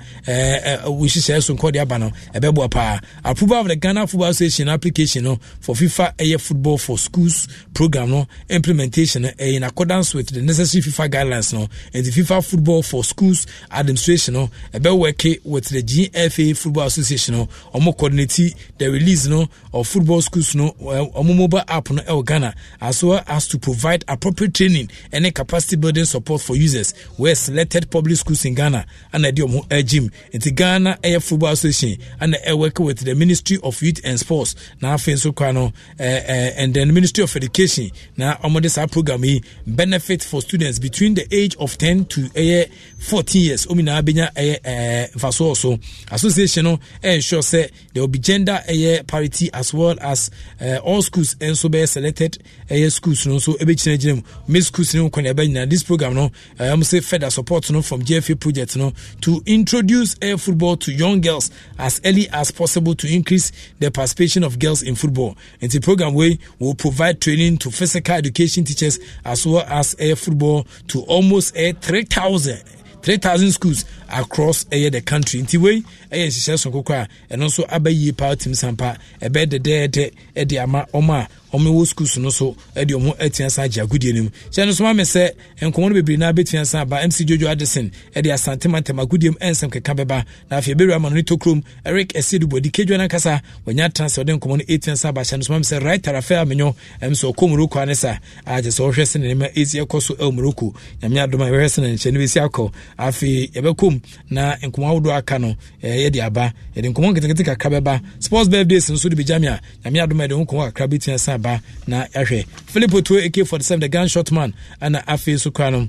wohyehyɛɛ eh, so nkɔde aba no ɛbɛboa paa approval of the ghana football association application no for fifa ɛyɛ football for schools program no implementation no ɛyɛ eh, in accordance with the necessary fifa guidelines no nti fifa football for schools administration no ɛbɛwɔke with the gfa football association no ɔmo coordinate the release no of football schools no ɔmo eh, mobile app no ɛwɔ ghana as well as to provide appropriate training ɛne capacity building support support for users where selected public schools in Ghana and the um, uh, gym into Ghana Air Football Association and I work with the Ministry of Youth and Sports now so kwano uh, uh, and then Ministry of Education now um, this program benefit for students between the age of 10 to uh, 14 years um, na benya faso uh, also association no ensure say there will be gender uh, parity as well as uh, all schools and so selected ɛyɛ schools no nso ɛbɛgyinagyina mu me schools no nkɔne ɛbɛnyina this program no ɛm sɛ further support no from gfa project no to introduce air football to young girls as early as possible to increase the participation of girls in football the program wei will provide training to physical education teachers as well as air football to almost air uh, 3000 3000 schools across ɛyɛ uh, eh, the country nti wei ɛyɛ nhyehyɛ so nkokɔ a ɛno nso aba yie paa tim sampa ɛbɛyɛ dɛdɛɛdɛ ɛde ama ɔma wɔn wɔ schools no so de wɔn atua san agye agudie no mu kyɛn no so maame sɛ nkɔmɔ no bebree naa betua san aba mc jojo addison de asantemantam agudie mu nsɛm keka bɛba na afei ebɛwura ama no ne tokurom eric ɛsi dubu adi kedwa nankasa wɔnya atena sɛ ɔde nkɔmɔ no etua san aba kyɛn no so maame sɛ right tarafe amenyo ɛm sɛ ɔkɔ moroko anisa agye sɛ ɔhwɛ sɛ nneɛma esi ɛkɔ so ɛwɔ e moroko nyame adom a yɛhwɛ nkyɛn no besi akɔ afei yɛbɛkɔm na nkɔmɔ ahodoɔ aka no eh, yɛde aba yɛde nkɔmɔ nketenkete kakra bɛba sports birthdays nso de bi gya mi a nyame adom yɛde nkɔmɔ kakra bi san aba na ɛhwɛ philip otuo ak47 the gun shotman ana afei so kora no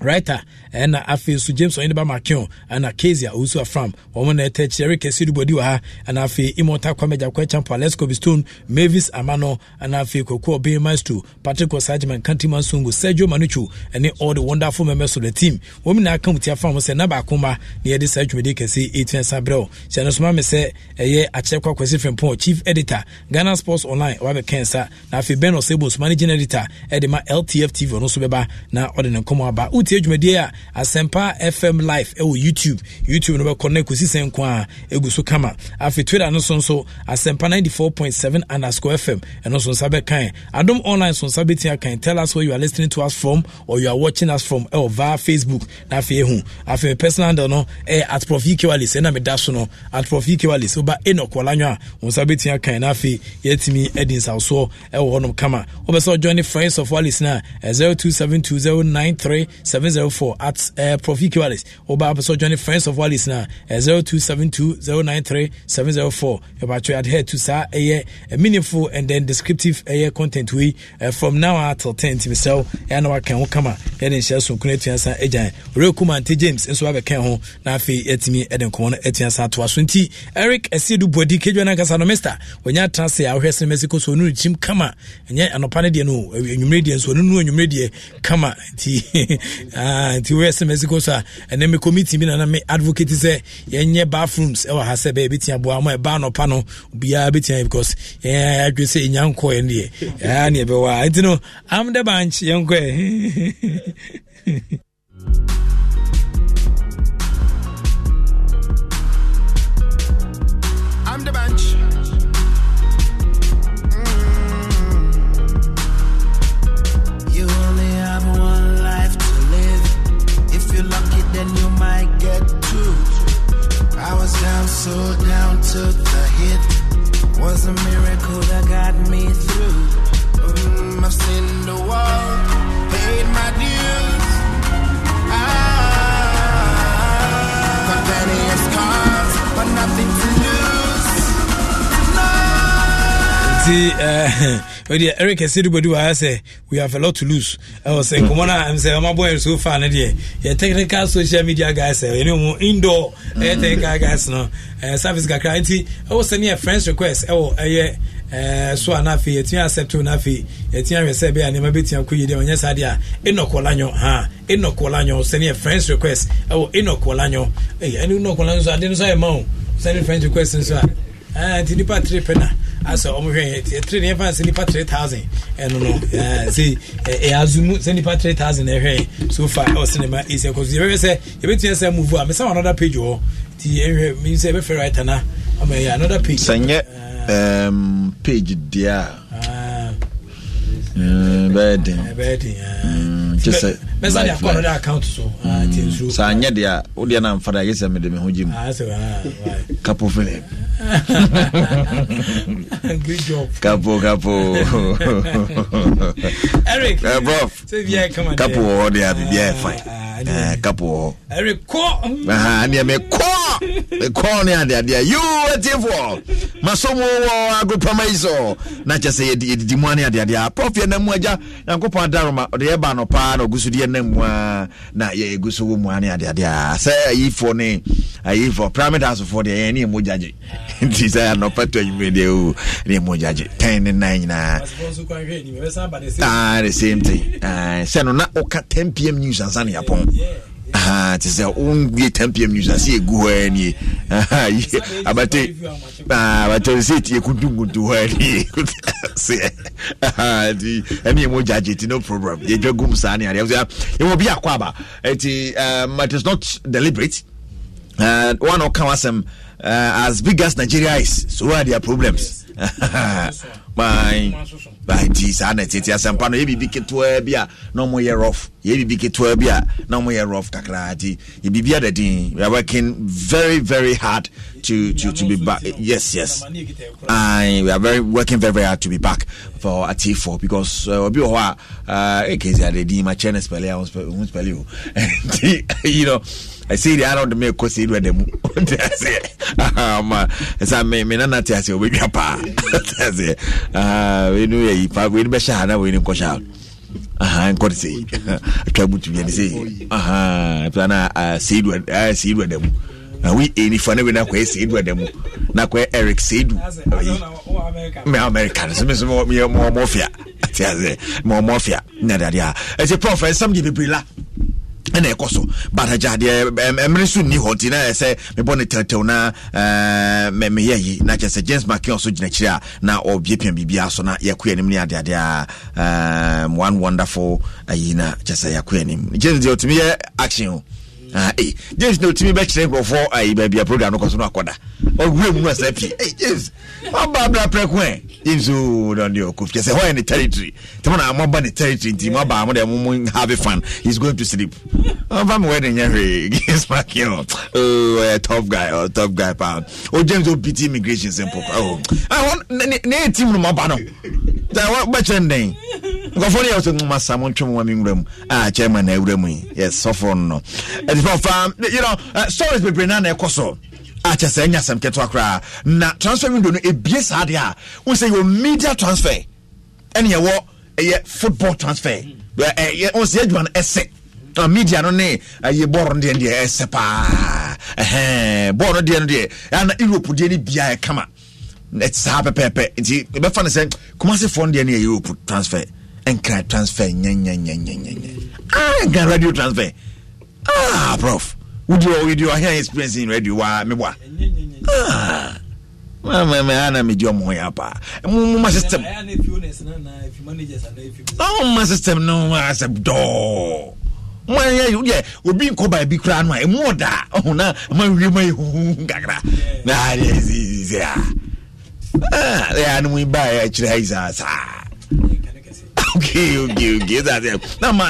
writer ɛna afei nso james ɔyinba makeo ɛna kezia owusu afram wɔn na ɛtɛ kyerɛ kɛse dubɔdi wɔ ha ɛna afei imota kwame jakɔ champa lesko bistone mavis amano ɛna afei koko ɔbɛn maestro patrick osajiman kantima songo sergio manucho ɛne all the wonderful members of the team wɔn nyinaa ka mu ti afa sɛ na baako ma na yɛde saa dwumadi kɛse etia san brɛw kyɛn no soma mi sɛ ɛyɛ akyerɛ akwasi fɛnpɔn chief editor ghana sports online wabɛ kɛnsa na afei ben osebo managing editor ɛde ma ltf tv ɔno nso bɛba na ɔde ne nkɔmɔ aba uti tie dwumadie a asɛmpa fm live ɛwɔ youtube youtube no bɛkɔ na ɛkɔsi sɛ nko a ɛgu so kama afei twitter no so nso asɛmpa 94.7 underscore fm ɛno so nsa bɛkan adom online so nsa bɛtumi akan tell us where you are listening to us from or you are watching us from ɛwɔ via facebook na afei ɛhu afei me personal handle no ɛyɛ at prof ukwalis e ɛna meda so no at prof ukwalis e woba enok wɔlanyo a wo nsa bɛtumi akan na afei yɛatumi adi nsawosoɔ ɛwɔ hɔnom kama wobɛ sɛ ɔjoin friends of walis no a 02720937 seven zero four at uh, eh, Profi e Wallace. Oba Apostle Johnny Friends of Wallace now eh, zero two seven two zero nine three seven zero four. About to adhere to sir a eh, meaningful and then descriptive a content we from now on till ten to I know I can come out and share some connection as a giant. Real Kumante James and so I can home now fee at me and then corner at your to Asunti. Eric Esidu Bodi Kedwana Casano Mester. When you're transfer our Western Mexico so no Jim Kama and yet an opinion no, you made so no, you made kama. [LAUGHS] Ah, nti woyɛ sɛ mexico so a ɛnɛ me committee bi nana me advocate sɛ yɛnyɛ bathrooms ɛwɔ ha sɛ bɛɛ bɛtia boa ma ɛba nɔpa no obiaa bɛtia because yɛn sɛ ɛnya nkɔɛ no deɛ ɛa ne ɛbɛwɔ a nti no am the banch yɛnkɔɛ [LAUGHS] deɛ eric ɛsɛdubadu ayɛ sɛ we have a lot to lose ɛwɔ sɛ nkɔmmɔ no m sɛ ɔmabɔ yɛ so far no deɛ yɛ technical social media guys ɛne eh, mu indoor ɛyɛ eh, mm. technical guys no eh, service kakra nti ɛwɔ sɛ ne yɛ friends request ɛwɔ ɛyɛ oh, so a na afei yɛtumi accept o na afei yɛtumi ahwɛ sɛ ɛbɛyɛ nneɛma bɛtumi akɔ yie deɛ ɔnyɛ saa a enoch wɔlanyɔ ha enoch wɔlanyɔ sɛneɛ friends request ɛwɔ oh, enoch wɔlanyɔ ɛyɛ ɛne enoch wɔlanyɔ so ade no so ayɛ ma o sɛne friends request nso a nti eh, nipa three pena asɛ ah, ɔmo hwɛ yɛ three neɛ fan sɛ nipa three thousand ɛno eh, no eh, sɛ ɛyɛ azumu sɛ nipa three thousand na ɛhwɛ so far ɔsɛ ne ma esi ɛkɔ so yɛbɛhwɛ sɛ yɛbɛtua sɛ move a mesa another page wɔ ti ɛhwɛ mi sɛ ɛbɛfɛ right ana ɔmo ɛyɛ another page. sɛ nyɛ page deɛ ah. mm, a bɛyɛ den bɛyɛ den kyɛ sɛ mɛsa de akɔ de account so nti nsuo saa nyɛ de a wodeɛ no ayɛ sɛ mede me ho gye mu philip [LAUGHS] good job kapo kapo eric prof kapo wɔ hɔ de ade deɛ ɛfae kapo wɔ hɔ eric kɔ neɛ mekɔ mekɔ ne ade adeɛ you atiefoɔ masomo wɔ agopama yi so na kyɛ sɛ yɛdidi mu ane adeadeɛ a prof yɛ no paa na na mu a na yɛgu so wɔ mu a adeade a sɛ ayifoɔ ne ayifoɔ pyramid housefoɔ deɛ yɛn ne gyagye [LAUGHS] nti sɛ anɔpa to anwummerɛ deɛ o ne ɛmu gyagye ten ne nan nyinaa ah, the same thing ah, sɛ no na woka 10 pm news ansa ne yɛapɔn te sɛ wonwie 10 pm news ase ɛgu hɔ ani abatɛre sɛ ɛtie kuntumkuntu hɔ ani [LAUGHS] ɛne yɛmɔ gyagye ti no problem yɛdwa gum saa ne adeɛ yɛwɔ bi akɔ aba ɛnti um, it is not deliberate uh, one ɔka wasɛm uh, as big as nigeria is so are their problems My. [LAUGHS] nti saa na ɛtete asɛmpa no yɛbiribi ketewaa bi a na ɔmoyɛ rof yɛbiribi ketewaa bi a na ɔmoyɛ rof kakraa nti yɛbiribi ada din we are working very very hard to to to be back yes yes and we are very working very very hard to be back for atifo because uh, obi wɔ hɔ a ekezi ade din ma kyɛn ne spɛlɛ a ɔn spɛlɛ o nti you know ɛsɛde ara wode meɛkɔ sɛ du ada mu nte aseɛ ma ɛsɛ me me nana te aseɛ wobɛdwa paa te aseɛ wenu yɛyi pa wenu bɛhyɛ ha na wenu ah, [LAUGHS] nkɔhyɛ ah, ah, a aha nkɔde sei atwa butumia ne sei aha ɛpɛna seidu ada mu we enifa ne wena kɔɛ seidu ada mu na kɔɛ eric seidu yi me america no sɛ mesɛ mɔmɔfia te aseɛ mɔmɔfia na dadeɛ a ɛsɛ prɔf ɛnsɛm deɛ bebree la ɛna ɛkɔ so but agya deɛ mmere so nni hɔ nti na ɛsɛ mebɔ ne tɛwtɛw na meyɛ yi na kyɛ sɛ james makin so gyina akyiri a na ɔbie pia biribia so na yɛko anim ne adeadeɛ a one wonderful ayi na kyɛ sɛ yɛko anim james deɛ ɔtumi yɛ action o ah, eh, james na ɔtumi bɛkyerɛ nkurɔfoɔ ayi baabi a program no kɔ so no akɔda ɔwura mu asɛ pii hey james waba abira prɛko ɛ james ooo na ɔde ɔkɔ fiyɛ sɛ hɔ yɛ territory tɛmɛ na mo aba ne territory nti mo aba mo de mo mo have fun he is going to sleep ɔba mi wɛde nyɛ hwee james maki ɔ ooo oh, ɔyɛ top guy ɔ top guy paa o oh, james o pt immigration sɛ mpɔ ɔ ɔ ne ne yɛ team no mo aba no ta wɔ bɛkyɛ ndɛn nkɔfɔ ne yɛ sɛ mo asa mo ntwɛn mo ma mi nwura mu a chairman na ewura mu yi yɛ sɔfo no ɛdi fɔ fam you know uh, stories bebree na na ɛkɔ so akyɛ sɛ ɛnya asɛm ketewa koraa na transfer window no ebie saa deɛ a wɔn sɛ yɛ media transfer ɛne yɛwɔ ɛyɛ e football transfer ɛyɛ wɔn sɛ yɛdwuma no ɛsɛ na media no ne ɛyɛ e bɔɔl no deɛ deɛ ɛsɛ paa ɛhɛn bɔɔl no deɛ no deɛ ɛna europe deɛ e ne bia ɛkama saa pɛpɛɛpɛ nti ɛbɛfa no sɛ kumasefoɔ no deɛ ne yɛ europe transfer ɛnkra transfer nyɛnyɛnyɛnyɛnyɛ wodeɛ ɔwede ɔhea experience in radio waa meboa ah, ana mede ɔmo ho yɛ paa moma system moma system no asɛ dɔɔ mayɛ wodeɛ obi nkɔ baabi koraa no a ɛmu ɔda ɔhona ma wie ma yɛ huhu kakra nadeɛ sɛ a ɛa no mu baɛ akyerɛ yi saa saa okay okay okay that's it na ma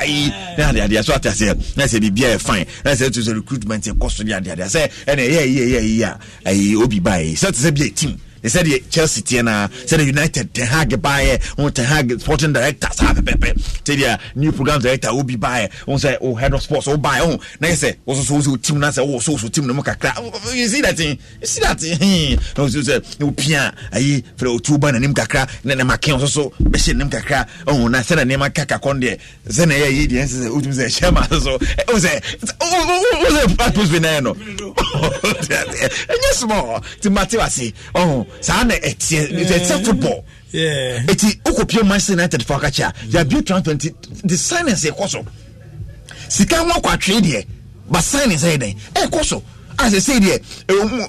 ayi na ade ade so atase na say bibia e fine na say to recruitment e cost dia ade ade say e eh, na ye ye ye ye ayi obi bai say to say be a team They said the chelsea teɛ said the united ten hag baeɛ wo oh, ten hag sporting director saa pɛpɛpɛ sɛdeɛ new program director will be buy, wo say oh head of sports wo oh, buy on. Oh, now yɛ sɛ wo so so team now say oh so so team no more kakra you see that thing you see that thing na wo sɛ wo pia ayi fɛrɛ otu ba n'anim kakra na na makin so so bɛhyɛ n'anim kakra now na the name kaka konde, kɔn deɛ sɛdeɛ ɛyɛ yie oh nsɛ sɛ wotum sɛ Oh ma oh oh oh wo sɛ atmosphere na yɛ no ɛnyɛ small ti mate wase Oh. [LAUGHS] saa na ɛteɛ ɛteɛ mm. football eti okopie manchester united fɔ akakye a yabie transfer nti the signings ɛkɔ so sika ho akɔ atwere deɛ ba signings ɛyɛ dɛn ɛkɔ so a sɛ sɛ deɛ ɛwɔ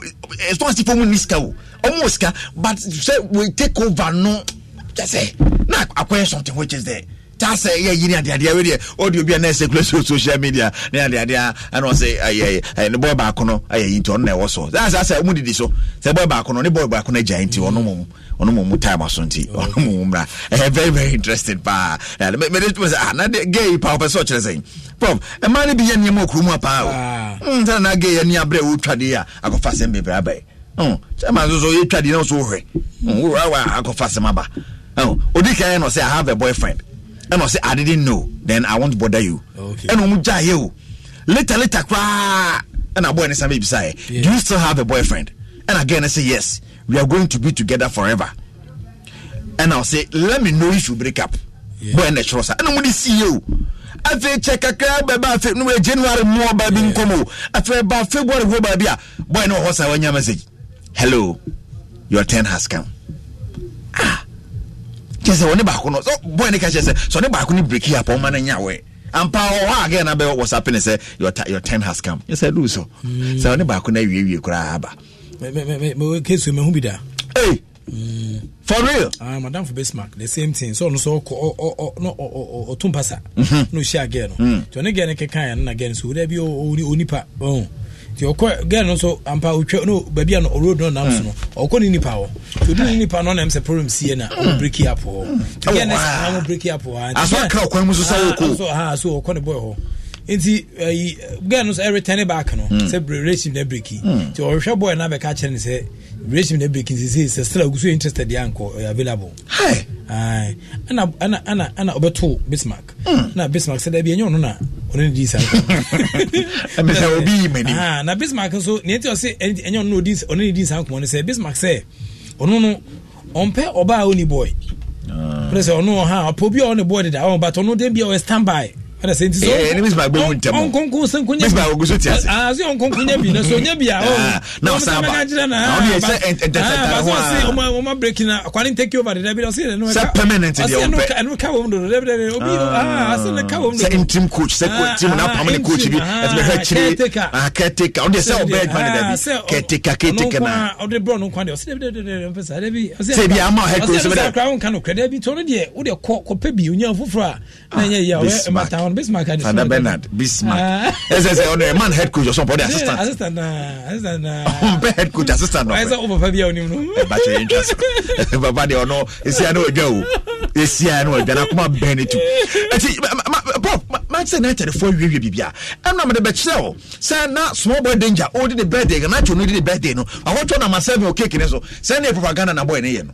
ɛsɔnsifo mu ni sika o ɔmo wɔ sika but sɛ we take over no kyɛ sɛ na akɔyɛ something which is there kyasɛ yɛ yini adeadeɛ wei deɛ ɔde obi a na ɛsɛkula social media ne adeadeɛ ɛna ɔsɛ ɛyɛ ne bɔɛ baako no ɛyɛ yi nti ɔno na ɛwɔ so saa saa saa didi so sɛ bɔɛ baako no ne bɔɛ baako no agya nti ɔno mu ɔno mu time aso nti ɔno mu mu very very interested, paa ɛna mɛ de tuma sɛ ah, gay paa ɔpɛ sɛ ɔkyerɛ sɛn prof mmaa man bi yɛ nneɛma okurum a paa o n mm, sɛ na gay yɛ ni abirɛ wotwa de yɛ akɔfa sɛm bebree aba yi mm, sɛ maa nso so yɛ twa so yɛ nso wɔ hwɛ wɔ akɔfa sɛm aba mm, odi kan no sɛ i have a boyfriend and I say I didn't know, then I won't bother you. Okay. And I'm jail. Later, later, cry. And I boy and baby say, Do you still have a boyfriend? And again, I say yes. We are going to be together forever. And I'll say, let me know if you break up. Boy and the trosa. And I'm going to see you. afei kyɛ kakra bɛba afei no january mmoa baabi nkɔm o afei ba february hɔ baabi a boy no wɔ hɔ sa wanya message hello your turn has come ah kyɛ sɛ ɔne baako no so boy ne ka kyɛ sɛ sɛ ɔne baako no breki up ɔma no nya wɛ ampa ɔhɔ a gɛɛ na bɛ wɔsape ne sɛ your, your time has come yɛ sɛ lu so sɛ ɔne baako no awiewie koraa aba kesu mahu bi da hey. for real. ah madam for base the same thing so ọ̀nà sọ ọkọ ọtún pasa. n'o ṣe àgẹ́ nù. tí wọ́n ní gẹ́ni kankan yẹn nínú àgẹ́ nù sọ wọ́n dẹ́bi onípa nti ɔkɔ gɛn no nso ampa otwa no baabi a no road no nam so no ɔkɔ ne nipa hɔ nti odu ne nipa no ɔnam sɛ problem sie eh, na ɔmo break up hɔ nti gɛn ne sɛ ɔmo break up hɔ aso aka ɔkwan mu so sa ɔkɔ ah, ah, so ɔkɔ ah, ne bɔyɛ hɔ nti ɛyi eh, girl no sɛ ɛretɛne back no hmm. sɛ relationship hmm. na break yi nti ɔrehwɛ boy na bɛka kyerɛ ne sɛ relationship na break nsisi sɛ still ogu interested yɛ ankɔ ɔyɛ eh, available ɛna ɛna ɛna ɛna ɔbɛto bismarck hmm. na bismarck sɛ dɛbi ɛnyɛ ɔno na ɔno ne di sa nkɔmɔ [LAUGHS] ɛmɛ obi yi mɛni na bismarck nso nea ti ɔsɛ ɛnyɛ ɔno na ɔdi ɔno ne di sa nkɔmɔ no sɛ bismarck sɛ ɔno no ɔmpɛ ɔbaa a ɔni boy ɔno ah. sɛ ɔno ɔha ɔpɛ obi a ɔne boy deda ɔn but ɔno de bi a ɔyɛ stand by ɛna sɛ nti sɛ ɛne mesma gbɛmu ntɛm ɔnkonko sɛ nkonya mesma wɔgu so tiase aa sɛ ɔnkonko nya bi na sɛ ɔnya bi a na ɔsan ba na ɔde yɛ sɛ ɛntɛntɛntɛn ho a ɔma break na akwari take over deda bi ɔsɛ ɛnu sɛ permanent deɛ ɔpɛ ɛnu ka wɔm dodo dɛbi dɛbi obi aa sɛ ne ka wɔm dodo sɛ interim coach sɛ team na pam ne coach bi ɛtumi hɛ kyire aa caretaker Van Bismarck had Sander Bernard Bismarck. Yes, yes, on a man head coach or somebody [LAUGHS] assistant. Assistant, na, ah, assistant. On ah. [LAUGHS] be head coach assistant. Why is that over Fabio eh, [LAUGHS] on him? But you interest. Papa they no. Is he no go? Is he no go? Na kuma Benny too. Eh, Ati Bob, Manchester United for we we bibia. I'm not the best sell. Say na small boy danger. Oh, the birthday. Na chono the birthday no. I want to na myself okay kineso. Say na propaganda na boy na here no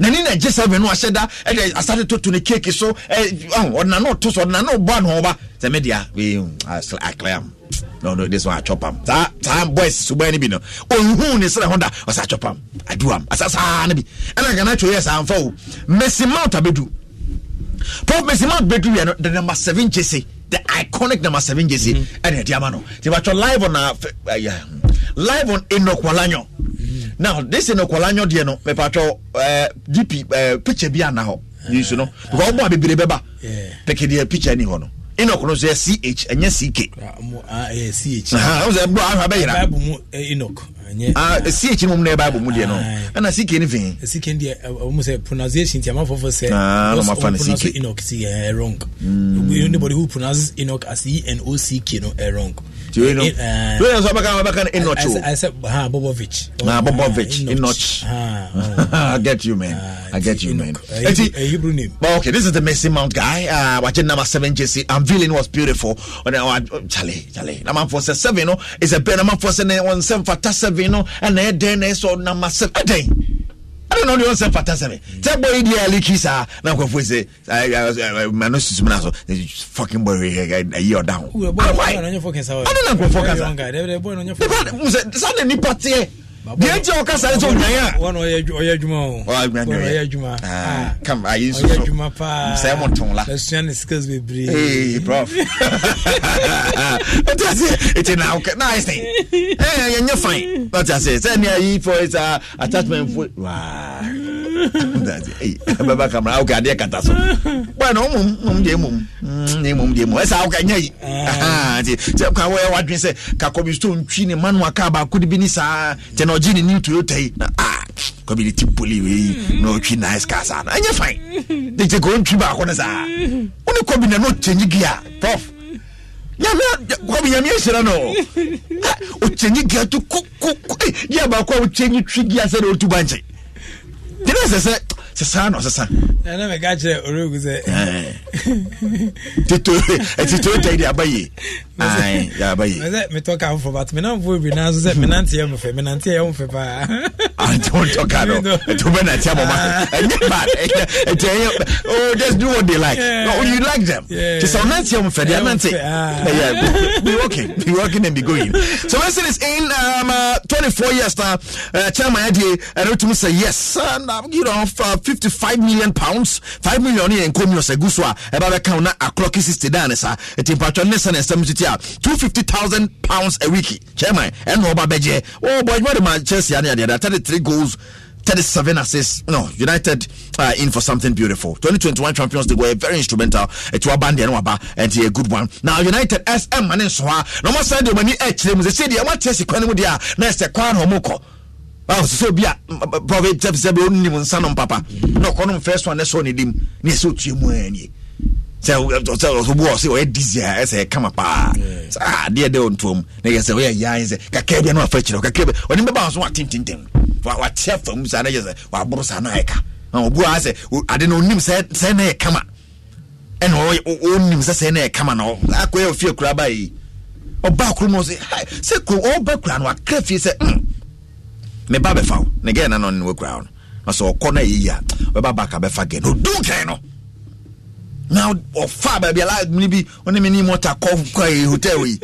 n'ani na gye sɛbɛn no ahyɛ da ɛde asade toto ne keeki so ɛ ɔnana ɔto so ɔnana ɔbɔ ano ɔba sɛmɛ deɛ wei um, akla no no this one atwɔ pam saa saa boys suban ni bi no ohun ne srɛ ho da ɔsɛ atwɔ pam aduam asa saa no bi ɛna nka na atwɔ yɛ saa mfa o messi mount abedu paul messi mount abedu yɛ no the number seven jersey the iconic number seven jersey mhm. ɛna ɛdi ama no ti ba twɛ live on uh, uh, a live on enoch walanyo now this is no kwala nyo deɛ no mepatwɛ uh, eh, dp uh, eh, picture bi ana hɔ news no because ɔmo a bebree bɛba take the picture ni hɔ eh, ah, no enoch no so ah ch ɛnyɛ ck sɛ bɔ ahwɛ bɛyera ch no mu no yɛ bible mu deɛ no ɛna ck no fii pronunciation tiama fɔfɔ sɛmafa no ck enoch wrong mm. anybody who pronounces inok as e n o c k no wrong do you know players wa baka baka in notch i said ha uh, bobovic na uh, bobovic in notch uh, [LAUGHS] i get you man i get you man a hebrew name okay this is the messi mount guy uh watching number 7 jc I'm feeling was beautiful And on our chale chale number 4 7 you know. It's a better number 4 7 1 7 fata 7 no and then then, so number 7 then ɔno na ɔde ɔnsɛ pata sɛbɛ sɛ bɔ yi deɛ aliki saa na nkɔfo sɛ mano susum na so fucking boy ayi ɔda ho ɔno na nkɔfo kasa saa na nipa teɛ deɛ nti ɔka sare sɛ onwan a sɛ motola it's now okay nice thing eh you're fine but i say send me e for his uh, attachment for wow that's eh baba camera okay dey kata so bueno mum mum dey mum ne mm, mum dey mum esa okay nyai aha ti se kwa we wadwen se ka kobi stone twi ne manu aka ba kudi bi ni saa te na oji ni ni toyota yi ah kobi ti poli we na otwi nice car sa na enye fine dey go ntwi ba ko na saa one kobi na no change gear puff nyame ahyira no ɔkyɛnyi [LAUGHS] gia to kokoko yɛ eh, baako a wokyɛnyi twi gia sɛ de ɔtu bankye gyina sɛ sɛ sɛ saa ɛnna mɛ ká kyerɛ orogu sɛ. tito tito tɛ de aba ye ayi de aba ye. mɛ sɛ mi tɔ k'a fɔ bati mi n'an fɔ ebi n'an sɛ mi n'an tiɲɛ mun fɛ mi n'an tiɲɛ mun fɛ paa. an t'o tɔ k'a dɔn ɛtò bɛ na tiɲɛ mɔ ma ɛ ba ɛ tɛ o just do what they like no you like them sisan o n'an tiɲɛ mun fɛ de an n'an tiɲɛ be working be working and be going so wetin is in um, uh, twenty four years na uh, uh, chairman yɛ de ɛrɛ tun sɛ yes uh, you know fifty five million pounds pounds five million yɛ nkomios agu so a ɛba bɛka wo na akorɔke sixty da ne saa ɛti mpatwɔ ne sɛ ne nsɛm so a two fifty thousand pounds a week chairman ɛna ɔba bɛgyeɛ ɔɔ bɔ adwuma de ma chelsea ane adeɛ thirty three goals. 37 assists. No, United uh, in for something beautiful. 2021 Champions they were very instrumental. It was band and waba and a good one. Now United SM and so on. No more Sunday when you actually said the what chase you can with the next a crown homoko ɔsosɛ obi a prɔfɛt sɛfisɛ bi ɔnim nsa no papa, na ɔkɔnom first one ɛsɔ ne dim ne ɛsɛ ɔtue mu anie sɛ ɔsɛ ɔbu ɔsɛ ɔyɛ dizia ɛsɛ ɛkama paa saa adeɛ dɛ ɔntoam na yɛ sɛ ɔyɛ yan sɛ kakra bi anoo afa kyerɛ kakra bi ɔne bɛba wɔn so watententem wate afa mu saa na yɛ sɛ waboro saa na ɛka ɔbu a sɛ ade na onim sɛ sɛ na yɛ kama ɛna ɔnim sɛ sɛ na yɛ kama na akɔyɛ ofie kura ba yi ɔbaa kuro mu ɔsɛ sɛ kuro ɔba kura no akra fie sɛ meba bɛfa wo ne gɛ nanɔ ne wakura no na sɛ ɔkɔ no ɛyɛyi a ɔbɛba baka bɛfa gɛ no ɔdu kɛn no na ɔfa baabi ala ne bi ɔne me ne mɔta kɔ kɔ e hotel yi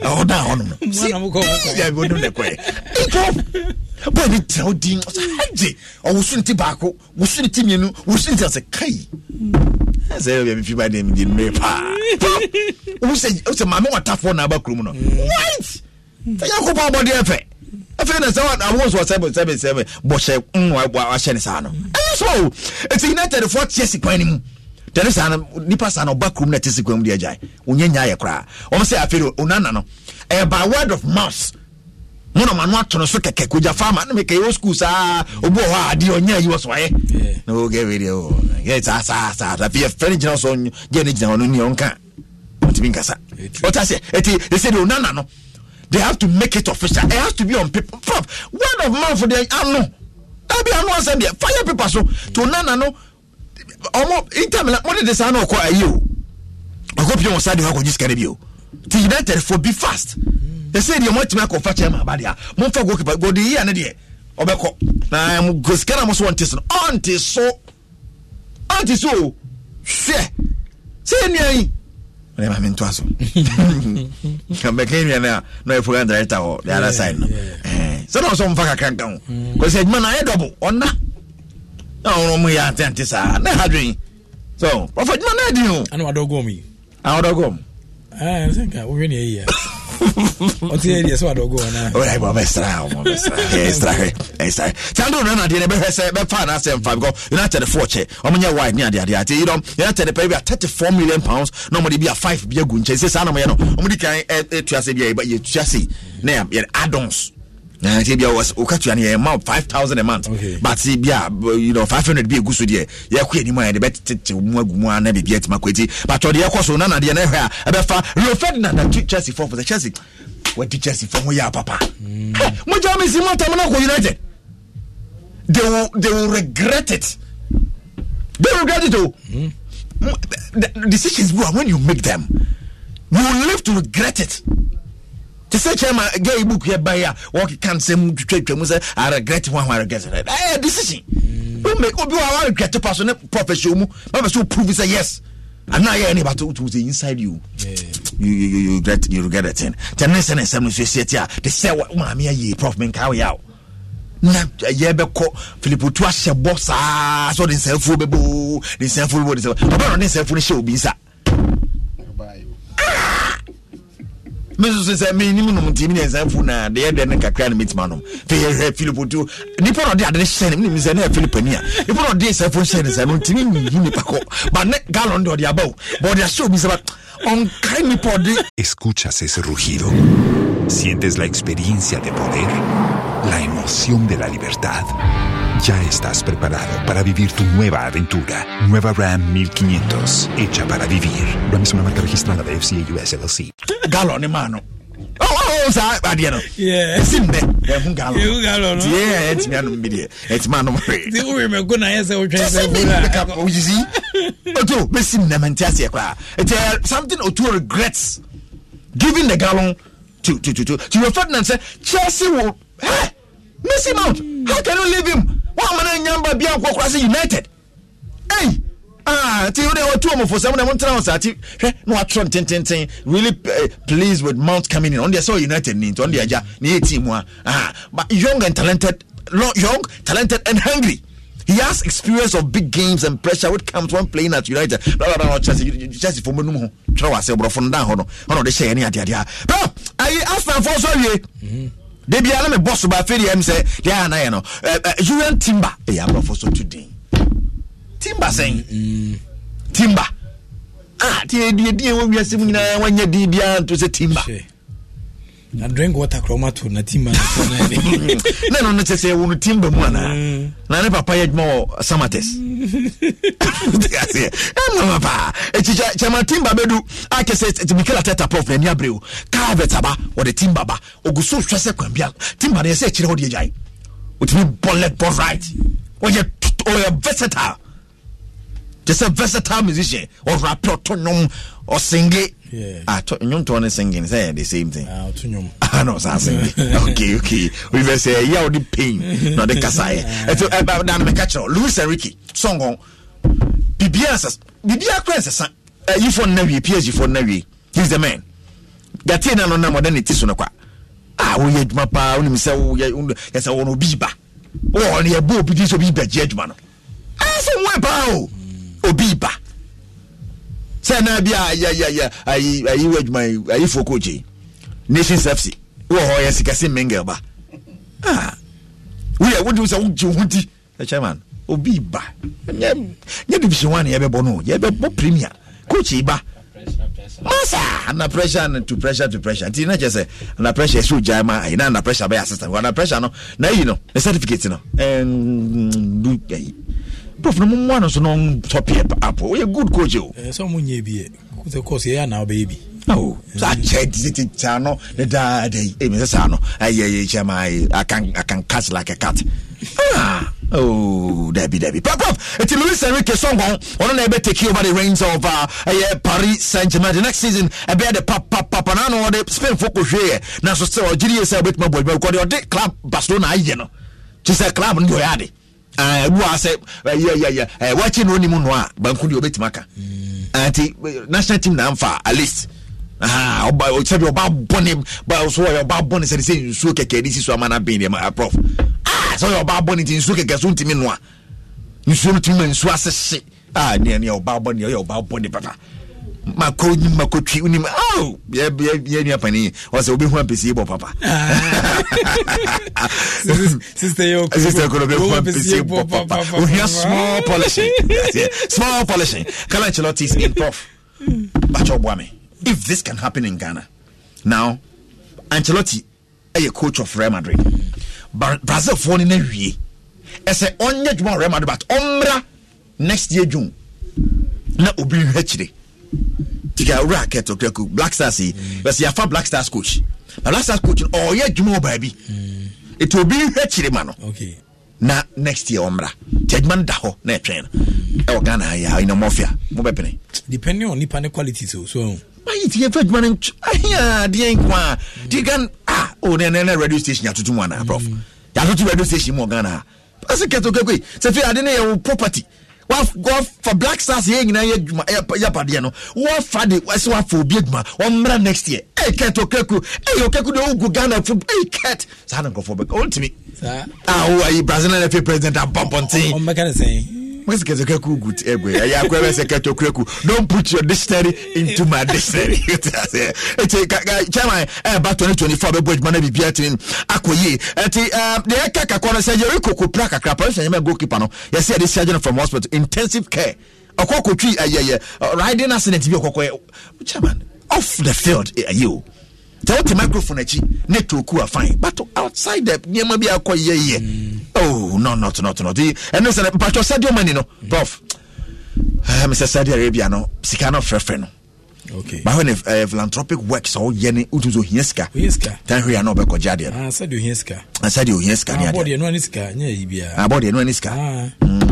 ɔda hɔnom no sɛɔnom ne kɔɛ ikɔ bɔɔ bi tena wo din ɔsɛ hagye ɔwoso nti baako woso ne ti mmienu woso ne ti asɛ kai hmm. [LAUGHS] sɛ yɛ mefi ba deɛ medi mmere paa wosɛ maame watafoɔ na aba kurom no right hmm. sɛ yɛkopɔ abɔdeɛ fɛ afei na sɛ awo sɔ sɛbɛ sɛbɛ sɛbɛ bɔhyɛ nwa bɔ ahyɛ ne saa no ɛyɛ sɔ o eti united fɔ tiɛ sikwan ne mu tɛne saa no nipa saa no ɔba kurom na ɛte sikwan mu deɛ gyae onye nya ayɛ koraa wɔn sɛ afei de onana no ɛyɛ eh, by word of mouth mo na ɔmo ato no so kɛkɛ kogya faama ne mekɛ yɛwɔ sukuu saa obi wɔ hɔ a adeɛ ɔnyɛ yi wɔ so ayɛ na gɛ wɛdeɛ o yɛ saa saa saa afei yɛ fɛn gyina so gyɛ ne gyina hɔ no ni ɔnka ɔtumi nkasa ɔta sɛ eti ɛsɛ de onana no they have to make it official it has to be on paper prof word of mouth for them ano be ano asem deɛ fire paper so to nana no ɔmo intermila mo de de saa na ɔkɔ you? I hope you wɔn saa de ɔkɔ gyi sika ne bi o ti united for be fast They say the atumi akɔ fa kyɛn ma aba deɛ mo nfa goalkeeper goal de yi ano deɛ ɔbɛkɔ na ɛmu go sika na mo so ɔnte so ɔnte so ɔnte so o hwɛ sɛ yɛ nua yi ne ma mi nto aso mbɛka nua no a na ɔyɛ program director hɔ the other side eh. no sɛ na ɔsɛ ɔmfa kakra nka ho kɔsɛ adwuma no ayɛ dɔbo ɔna na ɔno mu yɛ antente saa na ɛha dwen so ɔfa adwuma no adi ho ana wadɔgɔm yi a wadɔgɔm sɛ think I ne ɛyi here. [LAUGHS] [LAUGHS] go ɔte yɛ deɛ sɛ wadɔgo ɔnaa ɔbɛsra ɔbɛsra ɛsra saa ndɛ ɔnana deɛ no bɛhwɛ sɛ bɛfa anaasɛ mfa because united foɔ kyɛ ɔmonyɛ wide ne adeadeɛ ate yidɔm united pɛ bi a thirty-four million pounds na ɔmɔde bi a five bi agu nkyɛn sɛ saa na ɔmɔyɛ no ɔmɔde kan ɛtua sɛ deɛ yɛtua sei na yɛ addons na ti bia woka tua no yɛma 5000 a month but bia you know 500 bi ɛgu so deɛ yɛkɔ anim a yɛde bɛtetete mu agu mu a na biribi atumi akɔ akyi but ɔde yɛkɔ so na nadeɛ no ɛhwɛ a ɛbɛfa rio ferdinand atu chelsea fɔ sɛ chelsea wadi chelsea fɔ mo yɛ a papa mm. mogya me si mo ntam no akɔ united they will, they will regret it they will regret it oh. mm. o the decisions bro when you make them you will live to regret it te sɛ kyɛma gai book yɛ bae a wɔkeka nsɛm twatwa mu sɛ aregret ho ho aregret ɛyɛ decision obi wa waregret pa so ne profession mu bɛbɛ sɛ woprove sɛ yes anaa yɛ ne bato wotu sɛ inside you yeah. you you you regret you regret the thing tɛ ne sɛ ne nsɛm no so ɛsiɛ te a te sɛ maame ayi prof menka wo yɛ wo na ɛyɛ bɛkɔ filipo tu ahyɛ bɔ saa sɛ ɔde nsɛmfuo bɛboo de nsɛmfuo bɛboo de nsɛmfuo ɔbɛna ɔde nsɛmfuo no hyɛ obi nsa mesusu sɛ menim nom nti mene ɛnsa fu na deɛ dɛ no kakra no mɛtumi anom fei yɛhwɛ philip tu nipa na ɔde ade no hyɛ sɛ ne yɛ philip ani a nipa na ɔde sɛ fo hyɛ no sɛ no ntimi nyiyi nipa kɔ ba ne galon de ɔde aba o ba ɔde ahyɛ obi sɛ ba ɔnkae nipa ɔde escuchas ese rugido sientes la experiencia de poder la emoción de la libertad ya estás preparado para vivir tu nueva aventura. Nueva Ram 1500, hecha para vivir. Ram es una marca registrada de FCA US LLC. hermano. Oh, the to to to to your chelsea eh, miss him how can you leave him wọn mọ ne nyamba bi akɔ kora sɛ united ɛyi ah ti o de o tu ɔmo fosɛm na mo n tena ɔsa ati na wa tɔn really eh, pleased with mount coming in ɔn deɛ sɛ o united ni nti ɔn deɛ agya ne yɛ team wa ah but young and talented young talented and hungry. He has experience of big games and pressure which comes when playing at United. Blah blah blah. Chelsea, Chelsea for Munum. Try to say, bro, from down. Hold on, hold on. They share any idea. Bro, I asked them for sorry de bia na me bɔ so ba afei deɛ m sɛ deɛ a anayɛ no un timber ɛyɛ aborɔfo so to din timber sɛn mm. timber ah tiɛ die die wɔ wiase mu nyinaa wanyɛ din biara nto sɛ timber na drink water kora ɔma to na team manafoɔ [LAUGHS] no ɛne na ɛno no kyɛ sɛ ɛwo no team ba mu anaa na ne papa yɛ adwuma wɔ samates ɛmama paa ɛkyikya kyɛma team ba bɛdu akɛ sɛ mikel ateta prof n'ani aberɛ o carvet aba wɔde team ba ba ɔgu so hwɛ sɛ kwan bia team ba no yɛ sɛ akyirɛ hɔ de agyae wotumi bɔlet bɔ right wɔyɛ versatile te sɛ versatile musician ɔrapɛ ɔto nnwom ɔsengle nnwomtoɔ ah, no singing sɛ the same thing ah, [LAUGHS] ah, no saa singing okay okay wobɛ sɛ ɛyɛ a wode pain na ɔde kasaeɛ ɛnti ɛda no meka kyerɛ louis enrique song hɔ bibia sɛ bibia kora nsɛsa yifoɔ no na wie PS. no na wie he's the man yɛtee na no nam ɔda ne ti so no kwa a woyɛ adwuma paa wonim sɛ yɛsɛ wɔ no obi ba wɔɔ no yɛbɔ obi di sɛ obi bɛgye adwuma no ɛsɛ wɔn paa o obi ba sɛ na bi a ya ayi ayi wadwuma ayi fo kookye nations fc wɔ hɔ yɛ sikasi mengel ba ah woyɛ wodi sɛ wogye ho ti chairman obi ba nyɛ division one yɛbɛbɔ no yɛbɛbɔ premier kookye ba masa under pressure and to pressure to pressure nti na kyerɛ sɛ under pressure ɛsɛ ogyae ma ayi na under pressure bɛyɛ assistant under pressure no na yi no ne certificate no ɛn mm, du ayi prof no mummoa no so na ɔnsɔpeɛ apo woyɛ good coach o sɛ monyɛ bi sɛ course ɛyɛ anaa wobɛyɛ bi akyɛ tititia no ne daada yi mesɛ saa no ayɛyɛ kyɛma akan cas like a cat ah, Oh, Debbie, Debbie. Pop, pop. It's Luis Enrique Songong. On an ebe take over the reins of uh, Paris Saint-Germain. The next season, ebe the pap, pap, pap. And I know the focus here. Now, so still, Algeria is a bit more boy. Because the club Barcelona, you know. Just a club, you know, ɛnu asɛ ɛyɛyɛyɛ wɔkye na onimu no a ah, banku deɛ obetumi aka mm. nti eh, national team na nfa at least ɔba ah, oh, sɛbi ɔba bɔne oh, so ɔyɛ ɔba bɔne sɛde sɛ nsuo kɛkɛ de si so ama na bɛn ni ma ah, prof ah sɛ ɔyɛ ɔba bɔne nti nsuo kɛkɛ so ntumi noa nsuo no tumi ma nsuo asese ah ni, nea ɔba bɔne ɔyɛ ɔba bɔne papa makɔ nim makɔtwi wonim yɛnua pani ɔsɛ oh, wobɛhu ampɛsie bɔ papa ah. [LAUGHS] sister kono bɛhu ampɛsie bɔ papa wohia small polishing small polishing kala ancelotti is in prof hmm. bakyɛ ɔboa me if this can happen in ghana now ancelotti ɛyɛ coach of real madrid Brazil brazilfoɔ no no awie ɛsɛ ɔnyɛ adwuma wɔ real madrid but ɔmmra next year june na obi nhwɛ akyire tika owura akɛtɔ kɛkɔ black stars yi bɛsi yafa black stars coach na black stars coach ɔyɛ adwuma wɔ baabi etu obi hwɛ kyerɛ ma no na next year ɔmra ti adwuma no da hɔ na ɛtwɛn no ɛwɔ ghana ha yi a ɔyinam mo bɛ pene. depending on nipa ne quality so so. Um. ayi ti yɛ fɛ adwuma no ahiya adiɛ nko ti gan a o ne ne radio station tutu mu ana prof mm. tutu radio station mu wɔ ghana ha ɛsɛ kɛtɔ kɛkɔ yi sɛfi ade ne yɛ wɔ property for black stars yɛn nyinaa yɛ adwuma yɛ padeɛ no wɔfa de ɛsɛ wafa obi adwuma wɔmmra next year ɛyɛ kɛt okɛku ɛyɛ okɛku de ogu ghana fo ɛyɛ kɛt saa na nkurɔfoɔ bɛka wɔntumi ah, oh, a wo ayi brazilian fa president abɔmpɔnten Don't put your dictionary into my dictionary. [LAUGHS] Chairman, eh, about 2024, the board man be beating Akoye. Eh, the Ekaka corner said, You're a cocoa plaque, a crap, and a goalkeeper. Yes, this is surgeon from hospital, intensive care. Ɔkɔ kɔtwi ayɛyɛ riding accident bi ɔkɔkɔ yɛ chairman off the field ɛyɛ eh, o. Oh. sɛ wote microphone akyi ne toku a fine but outside the nneɛma bi akɔ yɛyɛ oh no not not not ɛno sɛ mpatwɔ sadio mani no prof eh, mesɛ saudi arabia no sika no frɛfrɛ no Okay. But when a eh, philanthropic works all yenny utuzo hinska, hinska, then we are not back or jadia. I said you hinska. I said you hinska. I bought the no niska. Yeah, I bought the no Ah.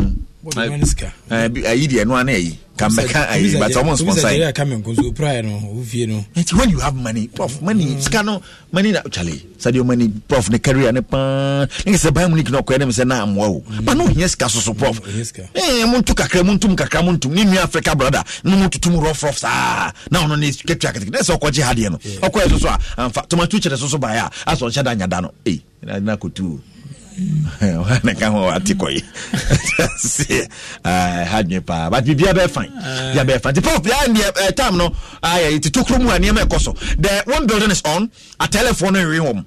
Eh, eh, ayi deɛ no ana ayi kambɛka ayi but ɔmo nsponsa nti when you have money prof money mm. sika no money na chale sadeɛ money prof ne career ne paa ne sɛ ban mu ne kina ɔkɔɛ ne mu sɛ na amoa o mm. ba na ohia sika soso prof mm, eh montu kakra montum kakra montum ne nua africa brother no montutum rough rough saa na ɔno ne ketua ketekete na sɛ ɔkɔgye ha deɛ no ɔkɔɛ soso a amfa tomato kyerɛ soso baeɛ a asɛ ɔhyɛ da nya da no ei na kɔtuo nka ho ate kɔye hadwe paa but biribia bɛɛ fan bia bɛɛ fan nti pop bia neɛ eh, time no ayɛ mu a nneɛma ɛkɔ so the one building is on atɛlefoɔ no nwe wɔm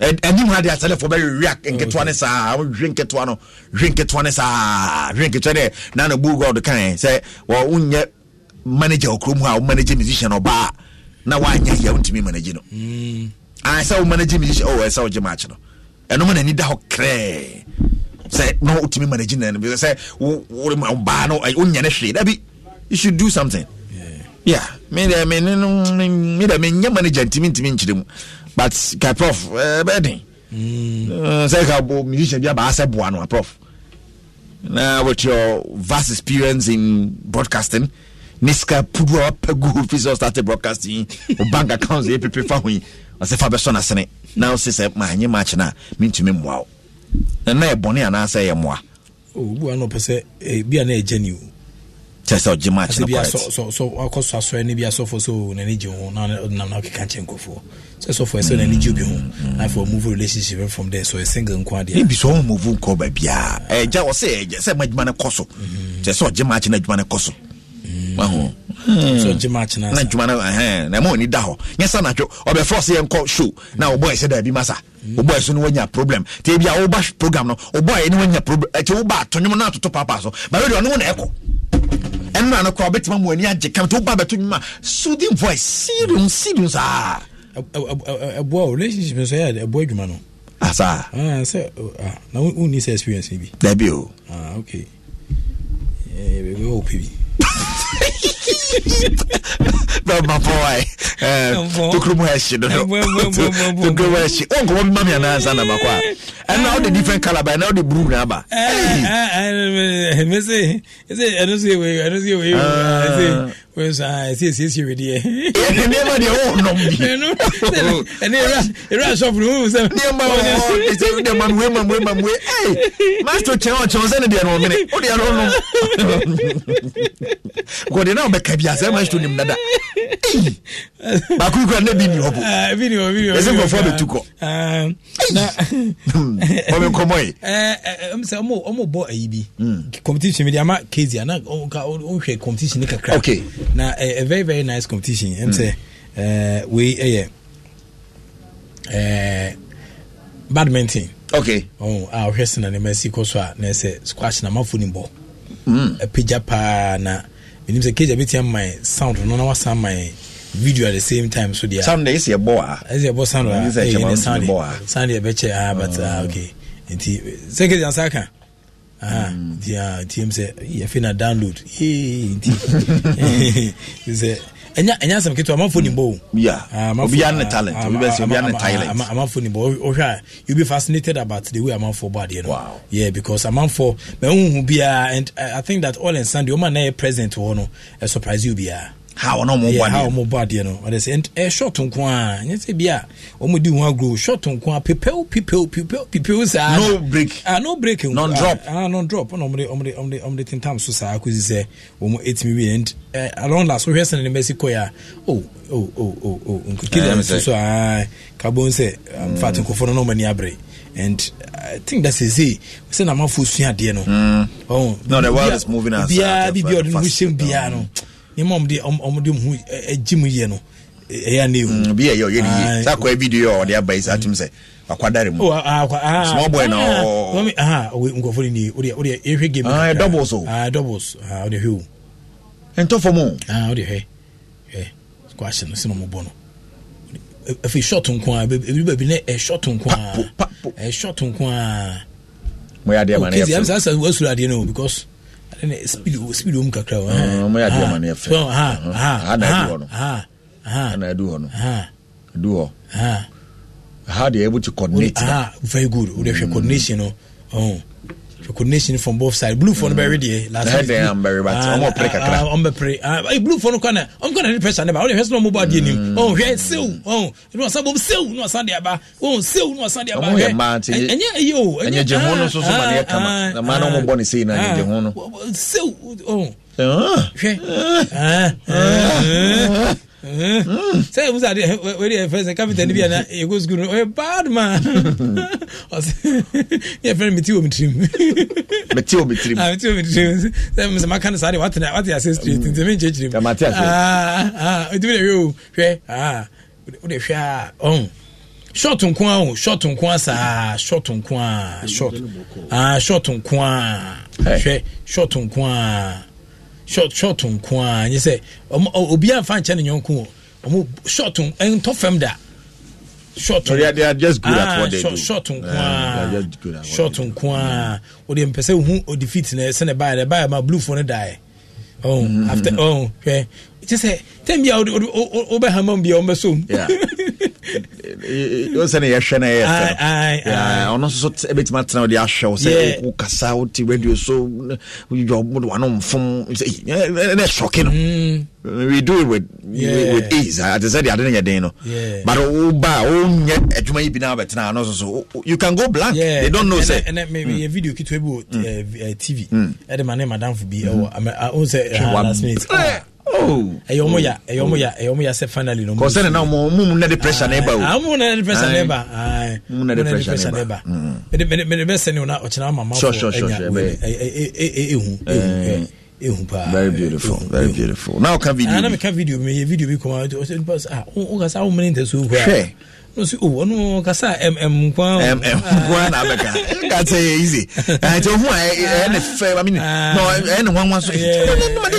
ɛni mu adi asɛlɛfo bɛ wia nketewa ne saa wɔn hwie nketewa no hwie nketewa ne saa hwie nketewa ne nana bu god kan sɛ wɔn manager okuro mu a wɔn manager musician ɔbaa na wɔn anya yɛ wɔn tumi manager no ansa mm. wɔn manager musician ɔwɔ ɛsɛ ɔgye maa no ɛnom na ani da hɔ krɛɛ sɛ na wotumi manage na no sɛ wobaa no wonyɛ no hwee dabi you should do something yeah mede menyɛ manager ntimi ntimi nkyerɛ mu but ka prof ɛbɛyɛ den sɛ ka musician bi abaa sɛ boa no a prof na with your vast experience in broadcasting ne sika pudu a wapɛ gu fi sɛ started broadcasting wo bank accounts yɛ pepe fa ho yi ɔsɛ fa bɛsɔ no sene na wose sɛ maanye match no a mentumi mmoa wo na na ɛbɔne anaasɛ ɛyɛ mmoa obua no ɔpɛ sɛ eh, bia na ɛgya ni kyɛ sɛ ɔgye match no akɔ so asɔre no bi asɔfoɔ sɛ nani gye ho na na wokeka nkyɛ nkɔfoɔ sɛ sɔfoɔ ɛsɛ nani gye obi ho mm-hmm. na afei move relationship from there so ɛsingle nko adeɛ ebi sɛ ɔmove nkɔ baabiaa ɛgya wɔ sɛ ɛgya sɛ ma adwuma no kɔ so mm-hmm. kyɛ sɛ ɔgye match no adwuma no kɔ so wahu hmm. na ntoma no eh, na ɛma ɔni da hɔ nyɛ sa natwo ɔbɛfrɛ sɛ yɛnkɔ show na wobɔɛ sɛ daabi ma sa hmm. wobɔɛ so no woanya problem nti bia woba program no wobɔɛ ne woanya problem ɛti woba atɔnwom no atoto paapaa so but wode ɔno wo na ɛkɔ ɛnora no kora wobɛtumi mu ani agye kam nti woba bɛto nwom a soothing voice serium serium saa ɛboa relationship nso yɛ ɛboa adwuma no asa ah, ah, sɛ na wonni sɛ experience bi dabi Ah okay ɛbɛwɔ eh, wopɛ bɛma pɔwae tokromu ahye no tokromu ahye wonkɔmɔ bi ma me anaasa na makɔ a ɛna wode different color ba ɛna wode bru na aba nneɛma deɛ wonom binɛmammamamue masto kyerɛ ɔkyɛw sɛne deɛ no ɔmene oh, oh, wodeɛ no nom [LAUGHS] gɔde ah, ah. na ɔbɛka bi asɛ ma nim dada baako kura ne bi ni hɔ bo ɛsɛ nkurɔfoɔ bɛtu kɔ ɔme nkɔmmɔ ye sɛ ɔmo bɔ ayi bi competition bi de ama kezi ana wohwɛ competition ne kakra okay. na a very very nice competition ɛm sɛ wei ɛyɛ badminton okay oh a ah, wohwɛ na ne ma si kɔ so a na ɛsɛ squash na mafo ne bɔ apagya paa na menim sɛ cage abɛtia ma sound no na wasan ma video at the same time so deɛ sound ɛsɛ ɛbɔ a ɛsɛ ɛbɔ sound a ɛyɛ eh, sound sound ɛbɛkyɛ ah but ah, ah. okay nti sɛ cage ansa ka nti ah nti hmm. ɛm sɛ yɛfe na download nti sɛ [LAUGHS] [LAUGHS] ɛnya ɛnya asɛm ketewa amanfo ni bɔ o. obi ya ne talent obi bɛ se obi ya ne talent. amanfo ni bɔ o hwɛ a you be fascinated about the way amanfo bɔ adeɛ no. yeah because amanfo mɛ n hu biara and i think that all in sunday o ma na yɛ present wɔ no ɛ surprise you biara how na ɔmo bɔ adeɛ how ɔmo bɔ adeɛ no ɔde sɛ ɛ short nko a nye sɛ bi a ɔmo di ho agorɔ short nko a pepew pepew pepew pepew saa no break ah no break nko non drop ah, ah non drop ɔna ɔmo de ɔmo de ɔmo de ɔmo de tentam so saa kosi sɛ ɔmo etimi wi and ɛ along last wɔhwɛ sɛ ne mbɛsi kɔ ya o o o o o nkukile nso so aa kabo nsɛ nfa te nkɔfo no na ɔmo ani abere and I think that's easy. We say na ma fo sua adeɛ no. Mm. Oh, no, the world is moving us. Bia bia ɔde ne ho hyɛ bia um, no. Mm nneɛma ɔmde ɔmde mu agye mu yie no ɛyɛ ana ehu. bi yɛ yɛ ɔyɛ ne yie saa akɔyɛ video yɛ ɔde aba yi saa tum sɛ akwadare mu. small boy na ɔɔ. nkɔfo ni ni o de o de ehwɛ game. ɛɛ doubles o. ɛɛ doubles o de hwɛ o. ntɔfɔ mu. o de hwɛ hwɛ kɔ ahyɛ no sinu ɔmo bɔ no efi short nko a ebi baabi ne ɛ short nko a ɛ short nko a. mo yɛ adeɛ ma ne yɛ fɛ. o kezi amisa asa wasuru adeɛ no because speed wom kakra ɔmayɛ adeɛ ma no yɛfɛ na adu hɔ no ana adu hɔ no adu hɔ ha deɛ yɛbɛti coordinate very good wodɛ hwɛ mm. coordination no oh coordination from both sides blue for mm. uh, uh, uh, mm. oh, oh, no bɛ last time I'm very bɛ I'm more pray. kakra ɔmɔ bɛ pere blue for no kɔ na ɔmɔ kɔ na ne pressure ne ba ɔmɔ hɛsɛ oh, na ɔmɔ bɔ adiɛ nim ɔmɔ hwɛ sew ɔmɔ ɛnu ɔsan bɔ sew na ɔsan aba ɔmɔ sew na ɔsan de aba ɔmɔ yɛ maa ti ɛnyɛ eyi o ɛnyɛ jɛ no soso ma ne yɛ kama na maa na ɔmɔ bɔ na ɛnyɛ jɛ ho no sew Eh? Eh? Hmm. sɛ musa de wede yɛ fɛ sɛ kapita no bi ana yɛkɔ sukuu no ɔyɛ bad man ɔsɛ yɛfrɛ no mete wɔ metirim mete wɔ metirim mete wɔ metirim sɛ sɛ maka no saa de wate asɛ straight nti menkyekyerim ɔtumi na hwɛ o hwɛ wode hwɛ a ɔn short nko a o short nko a saa short nko a short ah, short nko a hwɛ short nko a short short nko a nye sɛ obi a nfa nkyɛn ne nyɔnko o ɔmo short ntɔ fam da short nko ah, short nko a short nko eh, a o de mpɛ sɛ hu o defeat na sɛ ne ba yɛ ne ba yɛ ma blue phone da yɛ ɔn after ɔn hwɛ kye sɛ tɛm bia wobɛhama bia ɔmbɛsom wo sɛ ne yɛhwɛ no ɛyɛ ɔno nso so e bɛtumi atena wode ahwɛ wo sɛ wokasa wote radio so wode wano mfom e, e, ne ɛsɔke no mm. we do it with yeah. with ease ate sɛ deɛ ade no yɛ den no but woba wonyɛ adwuma yi bi na wabɛtena ano so so you can go blank yeah. they don't know sɛ yɛ mm. video ketewa bi wɔ mm. eh, eh, tv ɛde ma ne madamfo bi ɛwɔ eh, wo mm-hmm. ah, sɛ ah, last minute ɛyɛ ɔmo ya ɛyɛ ɔmo ya ɛyɛ ɔmo ya sɛ finally na ɔmo kɔsɛn nana ɔmo mu mu na pressure na ɛba o aa mu na de pressure na ɛba mu na pressure na ɛba mɛde mɛde mɛde bɛ sɛ ne na ɔkyerɛ ama ma fo ɛnya ehu ehu ehu paa very beautiful very beautiful na ɔka video bi ana mi ka video bi mi video bi kɔn ma ɔsɛ nipa sɛ ah ɔka sɛ awo mɛ ne ntɛ so hu a hwɛ nso o ɔno kasa mm nkwa mm nkwa na abɛka gata yɛ easy ɛnti [LAUGHS] ah, ohun a ɛyɛ ne fɛ i mean ah. na ɛyɛ e, ne nwanwa so ɛyɛ ne madi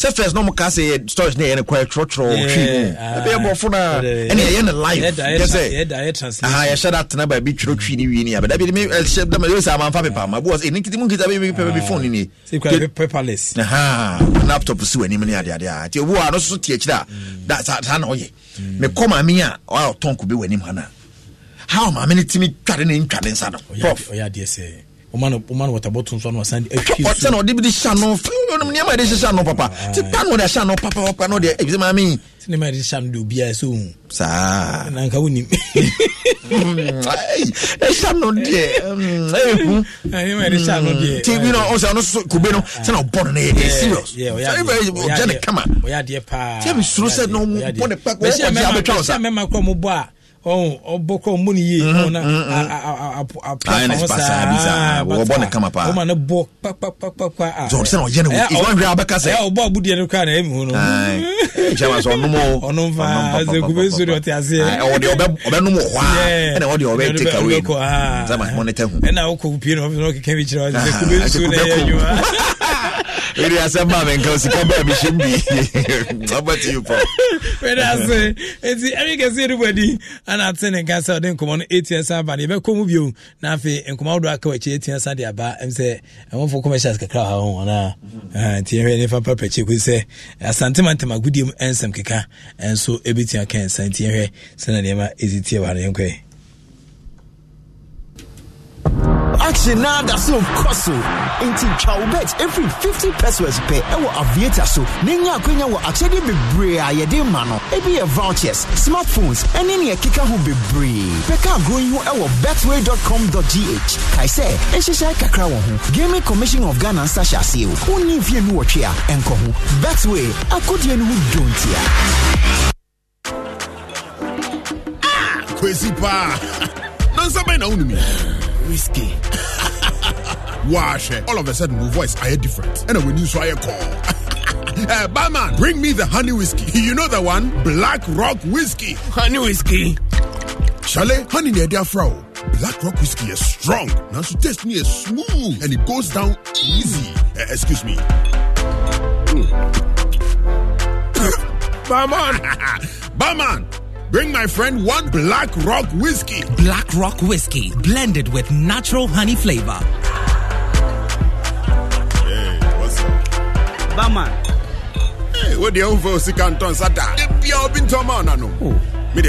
sɛ first na ɔmo ka se stories ne yɛ ne kɔ ɛtwerɛtwerɛ ɔtwi ɛbɛ yɛ bɔfo na ɛna ɛyɛ ne life yɛsɛ eh. aha yɛhyɛ da tena baabi twerɛtwi ne wie ni abɛ dabi mi ɛhyɛ dama yɛ sɛ amanfa pepa ma bu ɔsɛ ɛni nkiti mu nkita bɛ pɛpɛ bi phone ni paperless aha laptop si wɔ anim ne adeade a nti owu a no so te akyire a saa na ɔyɛ Mm. mekɔ maame a ɔtɔn kobe wɔ anim hana how maame no tumi tware ne ntware nsa no woman water bottle nso na wasan de atwi so ɔtɛ na ɔde bi de hyɛ ano fɛn nneɛma yɛde hyehyɛ ano papa ti pan na ɔde ahyɛ papa papa na ɔde ebi sɛ maame. sɛ nneɛma yɛde hyɛ ano de mm, e [LAUGHS] obiara so saa na wo nim. ɛhyɛ ano deɛ ɛhu. nneɛma yɛde hyɛ ano deɛ. ti na ɔsɛ ɔno soso kube no sɛ ɔbɔ e no na yɛde serious. ɔyɛ adeɛ paa. tiɛ mi suro sɛ na ɔmo bɔ ne kpakɔ ɔkɔ ti abɛtwa ɔsa. mɛhyɛ mɛma kɔ mo bɔ a ɔbɔkɔ mu no yie nbɔ ne kama paawoma no bɔ papapapasɛna ɔyɛ no hwɛ wobɛka sɛ ɔbɔ abudeɛ no kra na ɛmi hu noɔnom faakube nso de ɔte aseɛ ɔbɛnom wɔ hɔ a ɛna ɔde ɔbɛtake away no sɛ mahemɔ no ta hu ɛna wokɔ pie no ɔfɛ no ɔkeka bi kyerɛ wa sɛ ah, kube nso na ɛyɛ adwuma [LAUGHS] eri asɛm maa mi nka o sika baa mi hyɛ [LAUGHS] mu bi ɔbɛ ti yi pɔ. wɛrɛ ase eti ɛri kɛse edubadi ana ate ne nka sɛ ɔde nkɔmɔ no etia sa aba ne yɛ bɛ kɔn mu bio na afei nkɔmɔ ahodoɔ aka wɔ akyi etia sa de aba ɛm sɛ ɛmɔfo commercials kakra wɔ ha wɔn na ti yɛn hwɛ nifa papa akyi ko sɛ asantemantem agudie mu ɛnsɛm keka ɛnso ebi tia kɛnsa ti yɛn hwɛ sɛ na nneɛma esi tie wɔ ha ne yɛn action now! That's so nkɔ so nti bet every 50 pesos pɛ ɛwɔ aviator so na nya akwanya wɔ akyɛde bebree a yɛde ma no ebi yɛ vouchers smartphones and ɛne nea ɛkeka ho bebree bɛka agorɔ yi ho ɛwɔ betway.com.gh and she say, kakra wɔ ho gaming commission of ghana nsa hyɛ aseɛ o wonni mfie nu Betway, a ɛnkɔ ho betway akodie no ho dontia ah, kwesi paa [LAUGHS] nansa bɛn na wonomi Whiskey. [LAUGHS] Wash it. All of a sudden, my voice I hear different. And when you saw a call. Uh, [LAUGHS] barman, bring me the honey whiskey. [LAUGHS] You know the one? Black Rock Whiskey. Honey whiskey. Chalet, honey near dear fro. Black Rock Whiskey is strong. Now she taste me is smooth and it goes down easy. Uh, excuse me. Mm. barman! barman! bring my friend one Black Rock whiskey. Black Rock whiskey, blended with natural honey flavor. Hey, what's up? Bama. Hey, what the hell is can sata? The pure bin tomana no. Oh. Me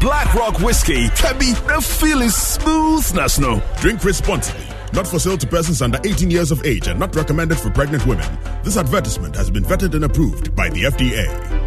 [LAUGHS] Black Rock whiskey can be the feeling smooth, national. Drink responsibly. Not for sale to persons under 18 years of age and not recommended for pregnant women. This advertisement has been vetted and approved by the FDA.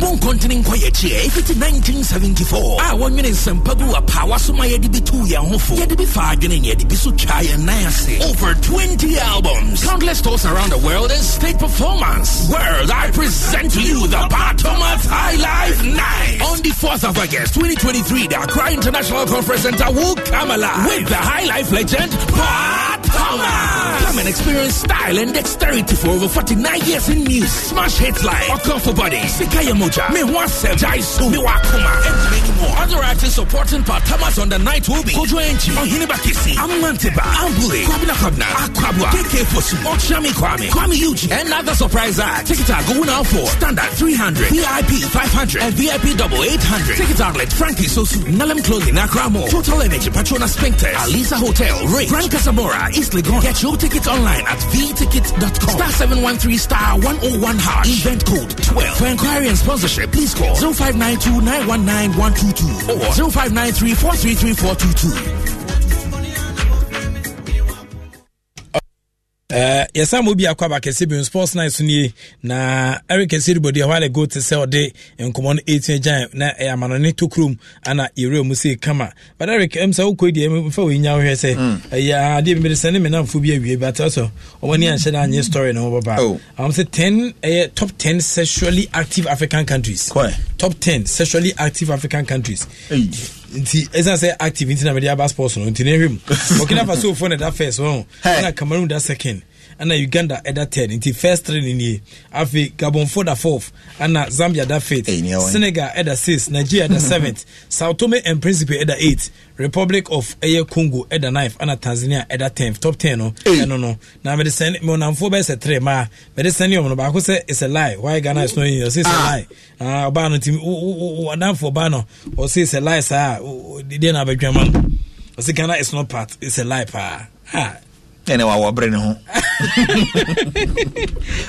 Abon Continent Kwayachi, if it's 1974. I want you in Sampagu, a power so my Eddie two young hofu. Yet be five and yet be so chai and nancy. Over 20 albums, countless tours around the world, and state performance. World, I present to you the Pat Thomas High Life Night on the 4th of August 2023. The Accra International Conference Center will come alive with the High Life legend, Pat Thomas. Come and experience style and dexterity for over 49 years in music. Smash hits like Occur for Body, Sikayamo. Abuja, me one sell Jaisu, me kuma. and many more. Other artists supporting Patamas on the night will be Kojo Enchi, Ohiniba Kisi, Amanteba, Ambule, Kwabina Kwabna, Akwabwa, KK Fosu, Ochami Kwame, Kwame Yuji, and other surprise acts. Tickets are going out for Standard 300, VIP 500, and VIP Double 800. are outlet Frankie Sosu, Nalem Clothing, Akramo, Total Energy, Patrona Sphincters, Alisa Hotel, Ray, Grand Casabora, East Legon. Get your tickets online at vtickets.com. Star 713 star 101 hash. Event code 12. For inquiry and sponsor sponsorship, please call 0592 919 122 or 0593 433 422. Eh, yɛsa ma obi akɔ abakɛse bi sports night so nie na eric aseribɔde ɛhɔ ale go te sɛ ɔde nkɔmmɔ no 18 agyan na ɛyɛ eh, amanɔne to kurom ana yɛwura mu sei kama but eric m sɛ wokɔi deɛ mfa wɔinya wohwɛ sɛ ɛyɛ mm. eh, adeɛ bimede sɛ ne me namfo bi awie bat sɛ ɔmɔ anhyɛ da anyɛ story no ho baba am oh. sɛ 10 ɛyɛ top 10 sexually active african countries top 10 sexually active african countries nti ɛsiane sɛ active nti na mede aba sports no nti ne ɛhwɛ mu burkina [LAUGHS] faso fo na da first ɔ oh. na cameroon da second ana uganda ɛda 10 nti first three ne nie afei gabonfo da fourth ana zambia da fifth senegal ɛda 6 nigeria da [LAUGHS] seventh. sao tome and principe ɛda 8 republic of ɛyɛ congo ɛda ninth. ana tanzania ɛda 10 top 10 no ɛno no na mede sɛne menamfoɔ bɛyɛ sɛ tre maa mede sɛne ɔm no baako sɛ a lie why ghana is not in ɔsɛ sɛ ah. lie ah, ɔbaa no ntimi adamfo ɔbaa no ɔsɛ sɛ lie saa deɛ na abɛdwama no ɔsɛ ghana is not part ɛsɛ lie paa ah ɛnɛ wa wɔbere ne ho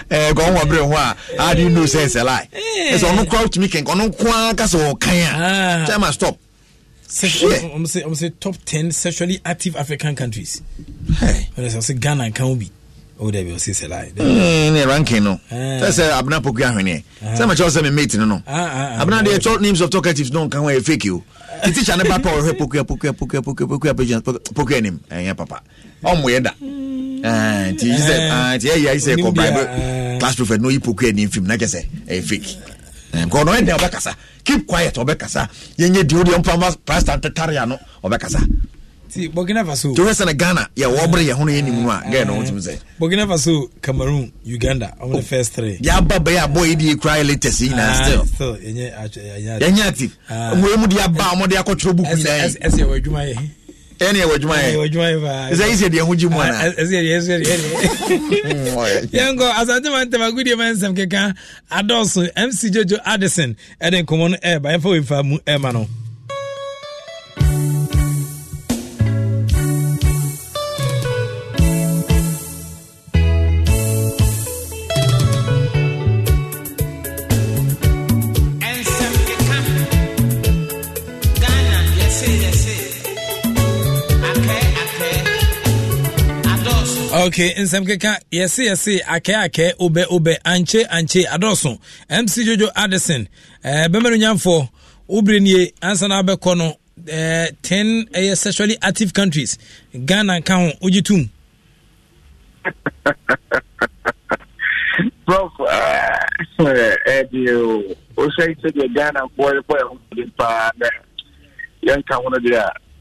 ɛɛ kɔn wɔbere ho a how do you know say it's a lie ɛsɛ ɔno kura tumi kɛnkɛn ɔno kura kasa ɔkan a ah. chairman stop. ɔmo sɛ top ten sexually active african countries ɔmo sɛ ghana kan bi o de bi o si sela ye. ee ne ranking no sɛ sɛ abuna poku ahwenneɛ eh. sɛ ma kyɛw sɛ mi mate no no abuna de ɛtɔ names of talkatives no nkan wɔyɛ fake o ti teacher ne ba pa ɔhwɛ pokuya pokuya pokuya pokuya pokuya pokuya pokuya nim ɛnyɛ papa ɔmo oh, yɛ da nti yi sɛ nti yɛ yɛ yi sɛ kɔ bible eh, eh. class prophet no yi pokuya nim fim na sɛ ɛyɛ fake nkɔ no ɛdɛ ɔbɛkasa keep quiet ɔbɛkasa yɛnyɛ di o de ɔmpa pastor tataria no ɔbɛkasa ti burkina faso. torí sani ghana yɛ wɔbere yɛ hono yɛ nimu a gɛɛ na eh, wɔn ti mi sɛ. burkina faso cameroon uganda ɔmo ne oh. first three. yaba bɛyɛ abɔ yi di ekura yɛ latest yi na still. still yɛnyɛ active. yɛnyɛ active. ɔmo emu di aba ɔmo ah, di akɔtɔrɔ buku yi na yɛ. ɛsɛ ɛwɔ adwuma yɛ. ɛni ɛwɔ adwuma yɛ. ɛwɔ adwuma yɛ paa. ɛsɛ ɛsɛ deɛ ho ji mu ana. ɛsɛ ɛsɛ ɛsɛ yɛnkɔ asante ma ntɛm agudie ma nsɛm keka adɔɔso mc jojo addison ɛde nkɔmɔ eh, eh, no ɛɛba yɛfa wɔ nfa mu ɛɛma no. ok nsɛm keka yɛse yɛse akɛakɛ obɛ obɛ ankye ankye adɔso mc jojo addison eh, bɛma no nyamfoɔ wobere ansa na wabɛkɔ no eh, 10 ɛyɛ eh, sexually active countries ghana nka ho wogye tom prof ɛdeɛ eh, eh, o wosɛ sɛdeɛ ghana nkoɔ yɛkɔ yɛ ho paa na yɛnka ho no deɛ a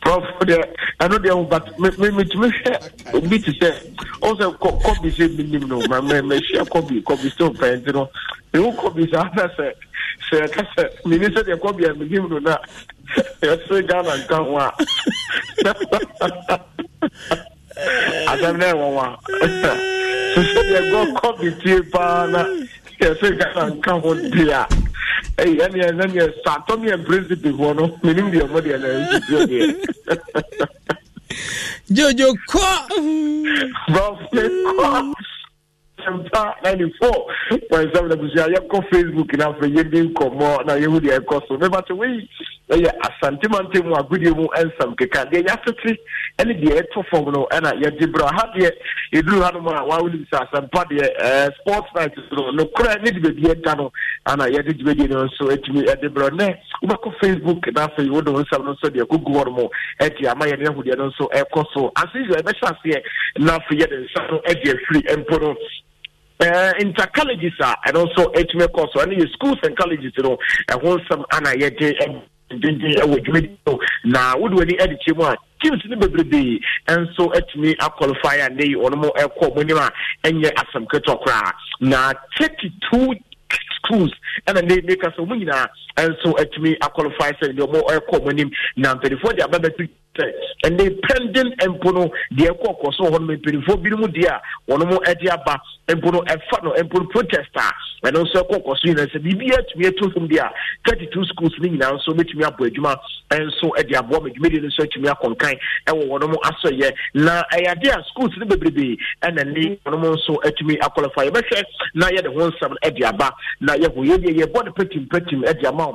prof. deɛ ɛno deɛ but metumi hwɛ obi te sɛ sɛ kɔbi sɛ menim no kɔbi kɔbi still nti [LAUGHS] no kɔbi sɛ sɛ ɛka sɛ meni kɔbi a menim no na ghana nka ho a asɛm ɛwɔ sɛ sɛdeɛ na yɛsɛ ghana nka ho de a ɛneɛ ɛnɛ neɛ sa atɔmeɛ principe hɔ no menim deɛ mo deɛ naɛsiɛ deɛ jojo kɔ brɔfne kɔ mpa 94.7 abusua yɛkɔ facebook na afei yɛdi nkɔmmɔ na yɛhu deɛ ɛkɔ so mebate wei ɛyɛ asantemantem mu agodie mu nsɛm keka deɛ yɛatete ɛne deɛ ɛto fam no ɛna yɛgye berɛ ha deɛ ɛduru hanom a wawonim sɛ asɛmpa deɛ sports night no nokorɛ ne dibadie da no ana yɛde dibadie no nso atumi ɛde berɛ nɛ wobɛkɔ facebook na afei wode wo nsɛm no nso deɛ kogu hɔ no mu ɛde ama yɛne ahodeɛ no nso ɛkɔ so asɛ yɛ ɛbɛhyɛ aseɛ na afei yɛde nsa no ɛde afiri mpo no Uh, eh, inter colleges a ɛno nso ɛtumi kɔ so ɛno yɛ schools and colleges no ɛho nsɛm ana yɛde denden ɛwɔ dwumadi so na wode w'ani ɛde kyɛ mu a teams no bebrebee ɛnso atumi aqualify a nnɛ yi ɔno mo ɛkɔ mɔnim a ɛnyɛ asɛm ketewa koraa na two schools ɛna ne meka sɛ ɔmu nyinaa ɛnso atumi aqualify sɛ deɛ ɔmo ɛkɔ mɔnim na mpanimfoɔ de abɛbɛto sɛ ɛnɛ pending mpo no deɛ ɛkɔ kɔ so hɔ no mpanimfoɔ binom deɛ a wɔn mo ɛde aba mpo no ɛfa no mpo no protest a ɛno nso ɛkɔ kɔ so nyinaa sɛ biribi atumi atu fam deɛ a thirty two schools no nyinaa nso betumi abɔ adwuma nso ɛde aboa ma dwumadie no nso atumi akɔnkan ɛwɔ wɔn mo asɔyɛ na ɛyɛ adeɛ a schools no bebrebe ɛna ne wɔn mo nso atumi akɔlɔfa yɛbɛhwɛ na yɛde ho nsɛm ɛde aba na yɛho yɛ deɛ yɛbɔ no petim petim ɛde ama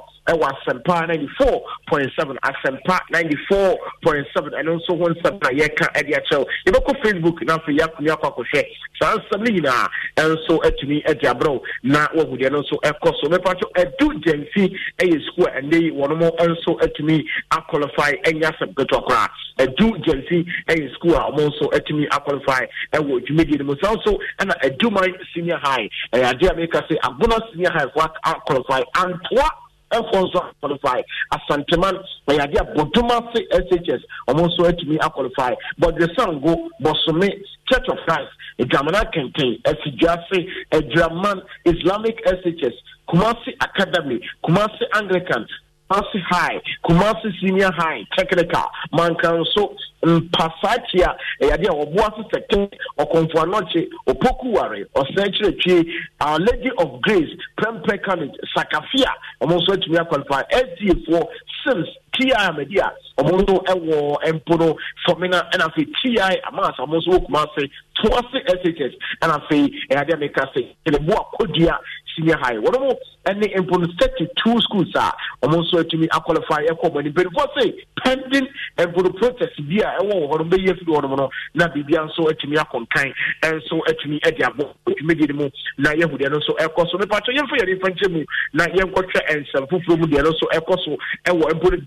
ninety four point seven asɛmpa ninety four point seven ɛno nso ho nsɛm na yɛka ɛde akyɛw yɛbɛkɔ facebook na afei yɛakɔmi akɔ akɔhwɛ saa nsɛm no nyinaa ɛnso atumi adi aberɛw na wahudeɛ no nso ɛkɔ so mɛpato ɛdu gyamfi ɛyɛ sukuu a ɛnɛ yi wɔn mo nso atumi akɔlifai ɛnyɛ asɛm ketewa koraa ɛdu gyamfi ɛyɛ sukuu a wɔn nso atumi akɔlifai ɛwɔ dwumadie no mu saa nso ɛna ɛdu senior high ɛyɛ adeɛ a mɛka sɛ agona senior high fo akɔlifai antoa ɛfɔ nso akɔlifai asanteman ɔyade a bodoma se shs ɔmo nso atumi akɔlifai bɔdwesango bɔsome church of christ adwamana kɛntɛn asidwase adwaman islamic shs kumasi academy kumasi anglican kumasi high kumasi senior high technical mankanso mpasakye mm, a ɛyade a wɔboa so sɛkɛ ɔkɔmfo anɔkye opokuware ɔsɛn kyerɛtwie our lady of grace prempɛ college sakafia ɔmo nso atumi akwalify sdafoɔ sims ti amadi a ɔmo nso ɛwɔ mpo no fɔmina ɛna afei ti amaasa ɔmo nso wɔ kumasi wɔase shs ɛna afei ɛyade meka sɛ teleboa kodua senior high wɔn mo ɛne mpo no thirty two schools a wɔn nso atumi akɔlifai ɛkɔ wɔn anim mpanyinfoɔ sɛ pending mpo no protest bi a ɛwɔ wɔ hɔ no bɛyi afiri hɔ no no na biribia nso atumi akɔnkan ɛnso atumi ɛde abɔ dwumadie no eh, mu na yɛhu deɛ so nso eh, so mipatɔ yɛn fo yɛn nifa nkyɛn mu na yɛnkɔtwɛ nsɛm foforɔ mu deɛ no nso ɛkɔ so ɛwɔ eh, mpo no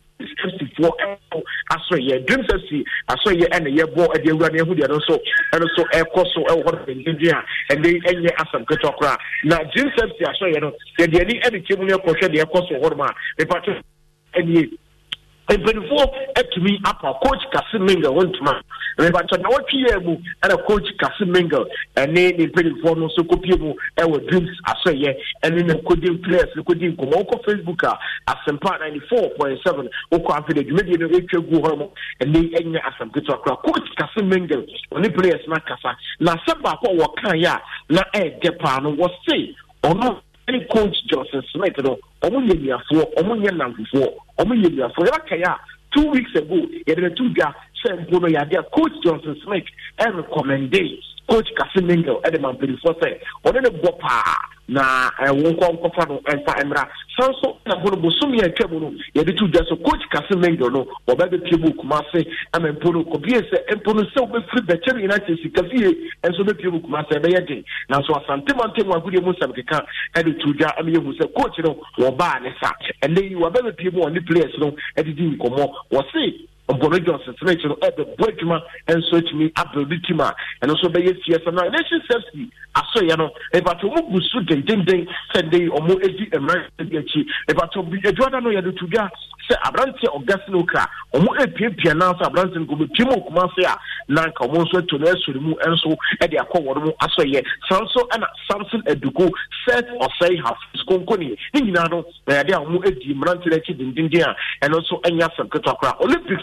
fcfoɔ ɛwɔ asɔyɛ dreams fc asɔyɛ ɛna yɛbɔ ɛde awura na yɛhu deɛ no nso ɛno nso ɛ ɛkɔ so ɛwɔ hɔ mpɛntɛnti a ɛde ɛnyɛ asɛm ketewa koraa na gym sɛmsi asɔyɛ no yɛde ani ɛde kyɛ mu no ɛkɔhwɛ deɛ ɛkɔ so hɔ nom a mepatɛ ɛnie mpanimfoɔ atumi apa coach kase mingle ho ntoma mebatɔ na wɔtwe yɛ mu ɛna coach kase mingle ɛne ne mpanimfoɔ no nso kɔpie mu ɛwɔ dreams asɔyɛ ɛne ne kodi players no kɔdi nkɔmmɔ wokɔ facebook a asɛmpa 94.7 wokɔ afei adwumadie no ɛtwa gu hɔ mu ɛne ɛnyɛ asɛm kora coach kase mingle ɔne players no akasa na asɛm baako a wɔkaeɛ a na ɛɛdɛ paa no wɔse ɔno ɛne coach johnson smith no ɔmo yɛ nuafoɔ ɔmo yɛ nnamfofoɔ ɔmo yɛ nuafoɔ yɛba kae a two weeks ago yɛde bɛtu dwa sɛ mpo no yɛade a coach johnson smith ɛrekɔmmɛnde coach kasimingel ɛde ma mpanyinfoɔ sɛ ɔne ne bɔ paa na ɛwo eh, nkɔ nkɔfa no ɛnfa eh, mmra san so na mpono bosomi a atwa mu no yɛde to dwa so coach kasimingel no wɔbɛbɛpie mu kumase ama mpo no kɔbie sɛ mpo no sɛ wobɛfiri bɛkyɛ no nyinaa kyɛ sika fie ɛnso bɛpie mu kumase ɛbɛyɛ den nanso asantemantemu agodie mu nsɛm keka ɛde to dwa ama yɛhu sɛ coach no wɔbaa ne sa ɛnɛ yi wɔbɛbɛpie mu ɔne players no ɛdedi nkɔmmɔ wɔse ɔbɔne johnson tena akyi no ɛbɛbɔ adwuma nso atumi abɛbi tim a ɛno nso bɛyɛ fie sɛm na nation safety asɔeɛ no ɛbato mu gu so dendenden sɛ ndɛ yi ɔmo adi mmeranteɛ bi akyi ɛbato adwada no yɛde to dwa sɛ aberanteɛ ɔgase no kra ɔmo apiapia nanso aberanteɛ no kɔmɛpia mu ɔkuma ase a nanka ɔmo nso ato no asɔre mu nso ɛde akɔ wɔn mu asɔeɛ saa nso ɛna samson aduko seth ɔsɛe hafiz konkoni ne nyinaa no na yɛde a ɔmo adi mmeranteɛ a ɛno nso ɛnyɛ asɛm olympics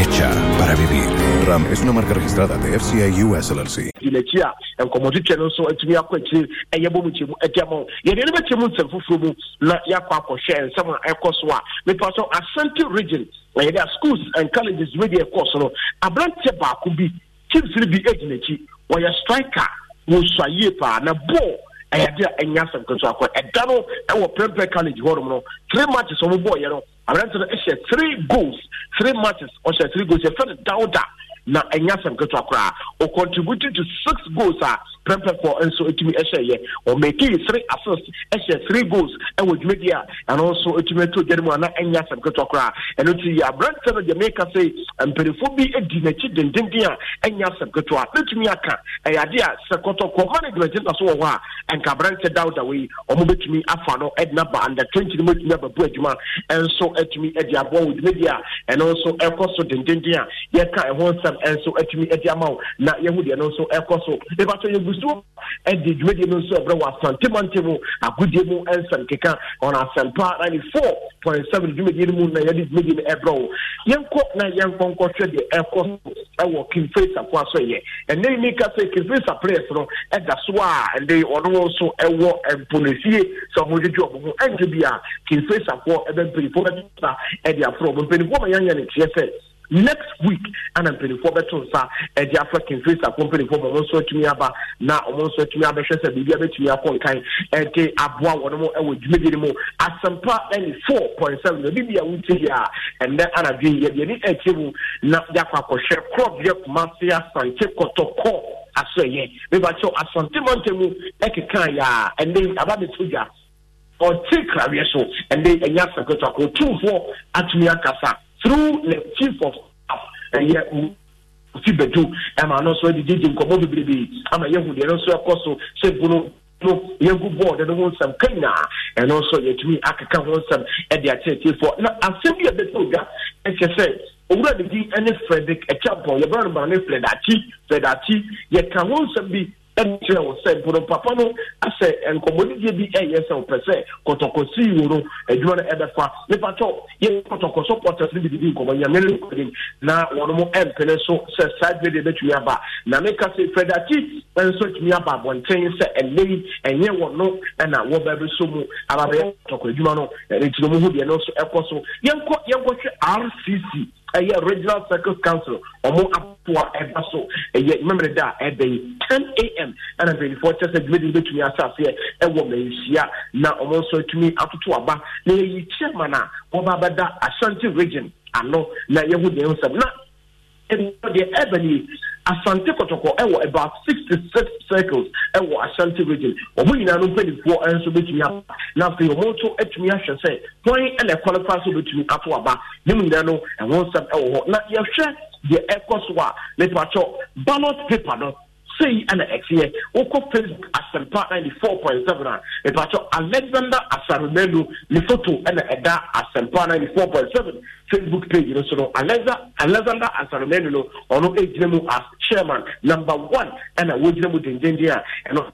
hecha para vivir. Ram es una marca registrada de FCI US LLC. Ilechia, en como dice no so etumi akwachi eye bomu chemu etiamo. Ye ne beti mu nsem foforo mu na ya kwa akwohwe nsem a ekoso a. Me paso Ashanti region, na ye schools and colleges we dey ekoso no. Abrante baako bi teams ni bi eginachi, wɔyɛ striker, wo swaye pa na ball ɛyɛ de ɛnya asɛm kɛntɛ akɔ ɛda no ɛwɔ pɛmpɛ college hɔ nom no three matches ọmọ bọ ọyẹ no abirante no ɛhyɛ three goals three matches ɔhyɛ three goals yɛfɛ no dawuda na ɛnya sɛm ketewa koraa contributed to six goals a pɛmpɛfoɔ nso etumi ɛhyɛ yɛ ɔmɛkii three assists ɛhyɛ three goals ɛwɔ dwumadi a ɛno nso etumi ɛto gya no mu a na ɛnya sɛm ketewa koraa ɛno ti abirante no deɛ meka sɛ mpanyinfoɔ bi edi n'akyi dendenden a ɛnya sɛm ketewa n'etumi aka ɛyɛ ade a sɛ kɔtɔkɔ management nta so wɔ hɔ a nka abirante dawuda wei ɔmo betumi afa no ɛde na ba under twenty no mo etumi ab ababu adwuma nso atumi de aboa wo dwumadi a ɛno nso ɛkɔ so dendenden a yɛka ɛho nsɛm nso atumi de ama wo na yɛhu deɛ no nso ɛkɔ so nipaso yɛgu so de dwumadi no nso ɛbrɛ wɔ asantemmante mu agodie mu nsɛm keka ɔno asɛmpa 94 point 7 dwumadi no mu na yɛde dwumadi no ɛbrɛ wo yɛnkɔ na yɛnkɔ nkɔhwɛ deɛ ɛkɔ so ɛwɔ kimfei sapoa so yɛ ɛnna yi mi ka sɛ kimfei sapres no ɛda so a ɛde ɔno nso ɛwɔ mponosie sɛ ɔmo dwedwe ɔmo ho ɛnke bi a kimfei sapoa ɛbɛ mpanyinfoɔ ɛde aforo ɔmo mpanyinfoɔ ma yɛn yɛn ne teɛ sɛ next week ana mpanimfoɔ bɛto nsa ɛde afa kinfrisa ko mpanimfoɔ ma ɔmo nso atumi aba na ɔmo nso atumi abɛhwɛ sɛ biribi abɛtumi akɔ nkan ɛde aboa wɔn mo ɛwɔ dwumadie no mu asɛmpa ɛne four point seven na biribi a wote yi a ɛnɛ anadwe yi yɛde yɛde ɛkyɛ mu na yɛakɔ akɔhwɛ korɔbea kumase asante kɔtɔkɔ aso ɛyɛ mebakyɛw asante mɔnte mu ɛkeka yɛ a ɛnɛ aba bɛto dwa ɔte krabeɛ so ɛnɛ ɛnyɛ asɛnkɛtɔ akɔ tumfoɔ atumi akasa through the chief of staff ɛyɛ ti bɛdu ɛma no nso adigye nkɔmɔ bebrebe ama yɛhu deɛ no nso ɛkɔ so sɛ bunu no yɛgu bɔɔd no ho nsɛm ka nyinaa ɛno nso yɛtumi akeka ho nsɛm ɛde akyerɛkyerɛfoɔ na asɛm bi a bɛtɛ odwa ɛkyɛ sɛ owura de bi ne frederick ɛkyɛmpɔn yɛbɛrɛ no bana ne fredakyi fredakyi yɛka ho nsɛm bi ɛnkyerɛ wo sɛ mpono papa no asɛ nkɔmmɔdidie bi ɛyɛ sɛ wopɛ sɛ kɔtɔkɔ sii wo no adwuma no ɛbɛfa nipa kyɛw yɛ kɔtɔkɔ supporters no bididi nkɔmmɔ nyame no nkɔdim na wɔn mo ɛmpene so sɛ saa dwe deɛ bɛtumi aba na meka sɛ fredaki nso tumi aba abɔnten sɛ ɛnɛ yi ɛnyɛ wɔ no ɛna wɔba bɛso mu ababɛyɛ kɔtɔkɔ adwuma no ɛnti no mu ho deɛ no nso ɛkɔ so yɛnkɔ yɛnkɔhwɛ rcc ɛyɛ regional circles council ɔmo apoa ɛba so ɛyɛ mmemmere da a ɛbɛ yi ten am ɛna mpanyinfoɔ kyɛ sɛ dwumadie bɛtumi asaseɛ ɛwɔ mmanhyia na ɔmo nso atumi atoto aba na yɛyi chairman a wɔba abɛda ashanti region ano na yɛho deɛ nsɛm na ɛmu deɛ ɛbɛn yi asante kɔtɔkɔ ɛwɔ eh, about sixty six circles ɛwɔ eh, asante region wɔn nyinaa no mpanyinfoɔ eh, nso betumi aba na afei wɔn nso atumi ahwɛ sɛ wɔn ɛna ɛkɔlɛfa nso betumi ato aba ne mu nyinaa no ɛho nsɛm ɛwɔ hɔ na yɛhwɛ deɛ ɛkɔ so a nipa kyɛw ballot paper no sei ɛna ɛteɛ wokɔ facebook asɛmpa 94.7 a mepatwɛ alexander asaronanu ne foto ɛna ɛda asɛmpa 4.7 facebook page no so no alexander asaronanu no ɔno ɛgyina mu as chairman number one ɛna wogyina mu dendenden a ɛno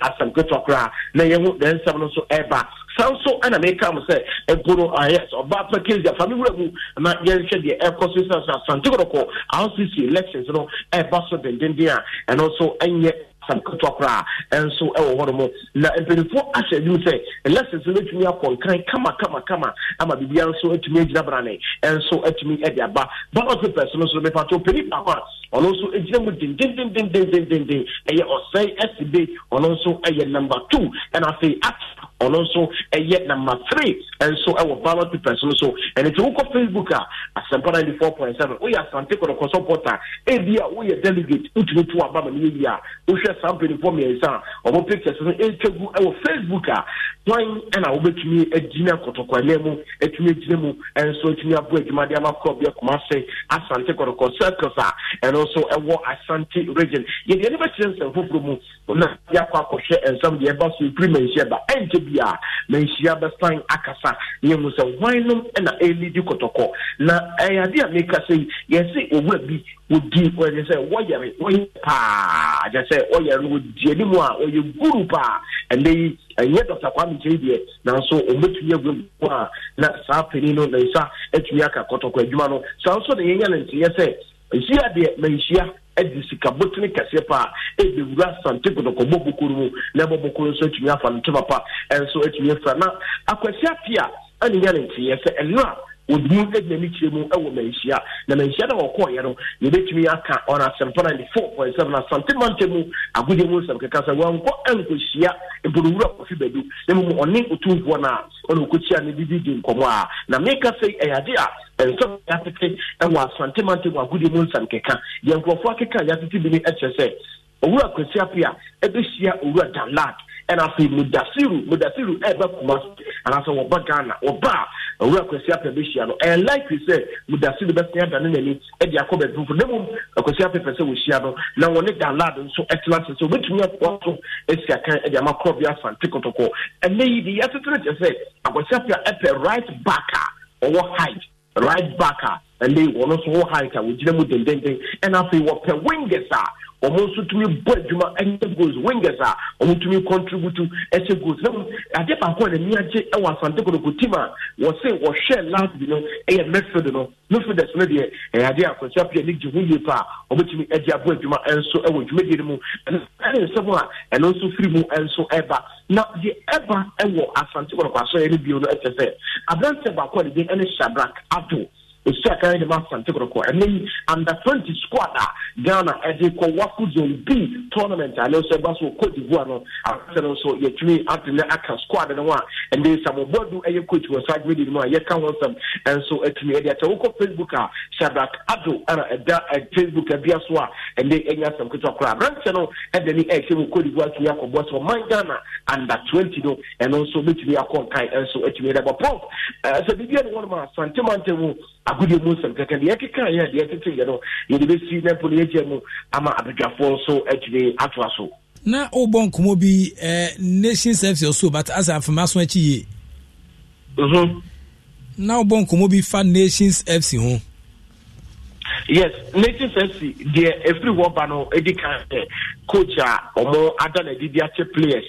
asɛmketewa koraa na yɛho ne nsɛm no nso ɛba saa nso ɛna meka mo sɛ ɛbu no ayɛ ah, ɔbaa pa kesi afa me wura mu na yɛnhwɛ deɛ ɛkɔ so sɛ sɛ asante kɔdɔkɔ ahosisi elections no ɛba so dendenden a and also ɛnyɛ asam ketewa koraa nso wɔ hɔnom na mpanimfoɔ ahyɛ eh, adwum sɛ lessons no atumi akɔ nkan kamakamakama ama biribia nso atumi agyina brane nso atumi de aba ballot papers no nso mepato panin baako a ɔno nso gyina mu dendendendendenden ɛyɛ ɔsɛe asibe ɔno nso yɛ number two ɛna afei at ɔno nso ɛyɛ number three nso ɛwɔ ballot papers no so ɛno nti wokɔ facebook a ah, asɛmpa ninety four point seven woyɛ asante kɔdɔkɔ supporter ebi a woyɛ delegate wotumi to aba ma no yɛ yie a wohwɛ saa mpanimfoɔ mmiɛnsa a ɔmo pictures no ɛretwa gu ɛwɔ facebook a ah. kwan ɛna wobɛtumi agyina kɔtɔkɔnɛ mu atumi agyina mu ɛnso atumi abo adwuma de ama kɔɔ bi akoma se asante kɔdɔkɔ circles a ah. ɛno nso ɛwɔ asante region yɛdeɛ ne bɛkyerɛ nsɛm foforɔ mu na yɛakɔ akɔhwɛ nsɛm deɛ ɛba so ɛpiri manhyia ba ɛnkyɛ bi a manhyia bɛsan akasa na yɛhu sɛ hwan nom ɛna ɛnidi kɔtɔkɔ na ɛyɛ ade a mekasa yi yɛse owura bi wɔdi wɔyɛ sɛ wɔyɛre wɔyɛ paa kyɛ sɛ wɔyɛre no wɔdi anim a wɔyɛ guru paa ɛnɛ yi ɛnyɛ dɔkta kwame nkyɛn deɛ nanso ɔmɛtumi agu mu a na saa panin no ne nsa atumi aka kɔtɔkɔ adwuma no saa nso na yɛnya ne nteɛ sɛ ɛhyia deɛ manhyia adi sika botene kɛseɛ paa ɛbɛwura asante kɔtɔkɔbɔ bokoro mu na ɛbɔ bokoro nso atumi afa no nto papa ɛnso atumi afira na akwasi api a ɛne nya ne nteeɛ sɛ ɛno a odum edi ani kyerɛ mu wɔ manhyia na manhyia no a wɔkɔɔyɛ no yɛbɛtumi aka ɔno asɛmpa na asante mante mu agodie mu nsɛm keka sɛ wankɔ ankɔhyia mponowura kɔfi badu na mmom ɔne ɔtumfoɔ na a ɔne ɔkɔkyia no bibi di nkɔmmɔ a na meka sɛ ɛyɛ ade a ɛnsɛm yɛatete wɔ asante mante mu agodie mu nsɛm keka deɛ nkurɔfoɔ akeka yɛatete bi no kyerɛ sɛ owura kwasi ape a ɛbɛhyia owura danlad ɛna afei mudasiru mudasiru ɛbɛ kuma anaasɛ wɔba ghana wɔba a owura akwasi apɛ bɛhyia no ɛyɛ likely sɛ mudasiru bɛsɛn adane n'ani ɛde akɔ bɛdufo na mmom akwasi apɛ pɛ sɛ wɔhyia no na wɔne dalad nso ɛtena ase sɛ wɔbɛtumi akoa so asi akan ɛde ama korɔ bi asante kɔtɔkɔ ɛnɛ yi de yɛatetene kyɛ sɛ akwasi apɛ ɛpɛ right back uh, a ɔwɔ height right back a ɛnɛ yi wɔn nso wɔ height a uh, wɔgyina mu dendenden ɛna afei wɔpɛ wingers a uh, wɔn nso tumi bɔ adwuma ɛhyɛ goals wingers a wɔn tumi contribute ɛhyɛ goals na adeɛ baako a n'ani agye ɛwɔ asante kɔnɔkɔ team a wɔsɛ wɔhwɛ last bi no ɛyɛ midfield no midfielders no deɛ ɛyɛ eh, adeɛ akɔnsia pia ne gye ho yie pa a wɔbɛtumi ɛde abɔ adwuma ɛnso ɛwɔ dwumadie no mu ɛno ɛne nsɛm a ɛno nso firi mu ɛnso ɛba na deɛ ɛba ɛwɔ asante kɔnɔkɔ asɔyɛ no bio no ɛkyɛ sɛ aberante baako a ne din ɛne shadrach abdul ɛsu akara de ma asante korɔkɔ ɛnɛ yi under twenty squad a ghana ɛde kɔ wafo zone b tournament a ɛnɛ nso ɛba so cote divoire no asɛ no nso yɛtumi atene aka squad no ho a ɛnɛ samu bɔdu ɛyɛ coach wɔ saa gbedi mu a yɛka ho nsɛm ɛnso ɛtumi ɛde akyɛ wokɔ facebook a shadrack ado ɛna ɛda e, facebook ɛbia so a ɛnɛ ɛnya asɛm ketewa koraa aberanteɛ no ɛde ne ɛɛhyɛ mu cote divoire tumi akɔbɔ so ɔman ghana under twenty no ɛno nso bɛtumi akɔ nkan ɛnso ɛtumi ɛdɛ eh, bɔ pɔnk ɛsɛ biribiara ne wɔn mu a santimante agodie mu nsɛm kɛkɛ deɛ ɛkeka yɛ deɛ ɛteteyɛ no yɛde bɛsi na mpo no yɛgya mu ama abadwafoɔ nso atumi atoa so na wobɔ nkɔmmɔ bi eh, nation service ɔso but asɛ amfama so akyi yie mm -hmm. na wobɔ nkɔmmɔ bi fa nations fc ho yes nations fc deɛ ɛfiri hɔ ba no ɛdi kan sɛ coach a ɔmo ada no adi de akyɛ players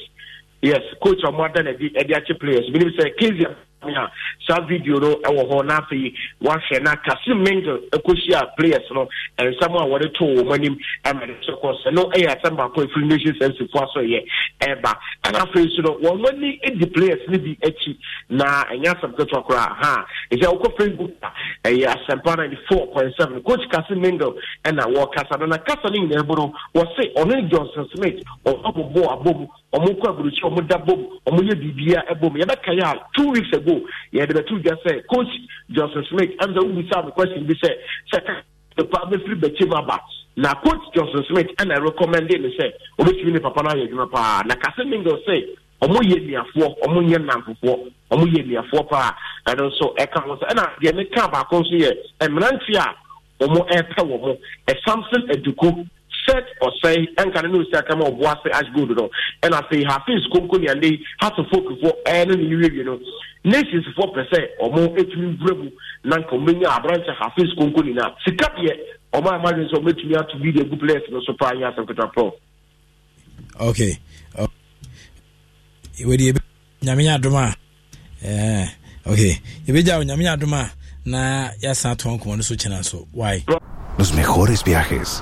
yes coach a ɔmo ada no adi akyɛ players binim sɛ kazia a saa video no ɛwɔ hɔ na afei wahwɛ na kase mendel ɛkɔsi a players no nsɛm a wɔde too wɔn anim ɛma ne so kɔ sɛ no ɛyɛ asɛm baako efiri nation sɛnsifoɔ so yɛ ɛɛba ɛna afei nso no wɔn ani edi players no bi akyi na ɛnyɛ asɛm ketewa koraa ha ɛsɛ wɔkɔ facebook a ɛyɛ asɛmpa ninety four point seven coach kasi mendel ɛna wɔkasa no na kasa no nyinaa mu no wɔse ɔne johnson smith ɔmo abobɔ abom ɔmo kɔ aburukyi ɔmo da bom ɔmo yɛ biribiara ɛbom yɛbɛka yɛ a two weeks ago ago yɛde bɛto dwa sɛ coach johnson smith ɛm the wobisa me question bi sɛ sɛ papa bɛfiri bɛkyem aba na coach johnson smith ɛna recommende ne sɛ obɛtumi ne papa no ayɛ adwuma paa na kase mingle sɛ ɔmo yɛ nnuafoɔ ɔmo nyɛ nnamfofoɔ ɔmo yɛ nnuafoɔ paa ɛno nso ɛka ho sɛ ɛna deɛ meka baako nso yɛ mmeranteɛ a ɔmo ɛrepɛ wɔ ɛsamson aduko set ɔsɛe ɛnka ne ne osi akama ɔboa sɛ ash gold no ɛna afei hafiz konkoniande yi hatofokufoɔ ɛɛ ne ne yiwie no nationsfoɔ pɛ sɛ ɔmo ɛtumi wura mu na nka ɔmɛnya aberankyɛ hafiz konkoni no a sika deɛ ɔmo a ɛmadwen sɛ ɔmɛtumi ato bi de agu players no so paa nyɛ asɛm ketapɔ okay wɔde nyamenya adom a okay yɛbɛgya wo nyamenya adom a na yɛasan toa nkɔmmɔ no so kyena so why? Los mejores viajes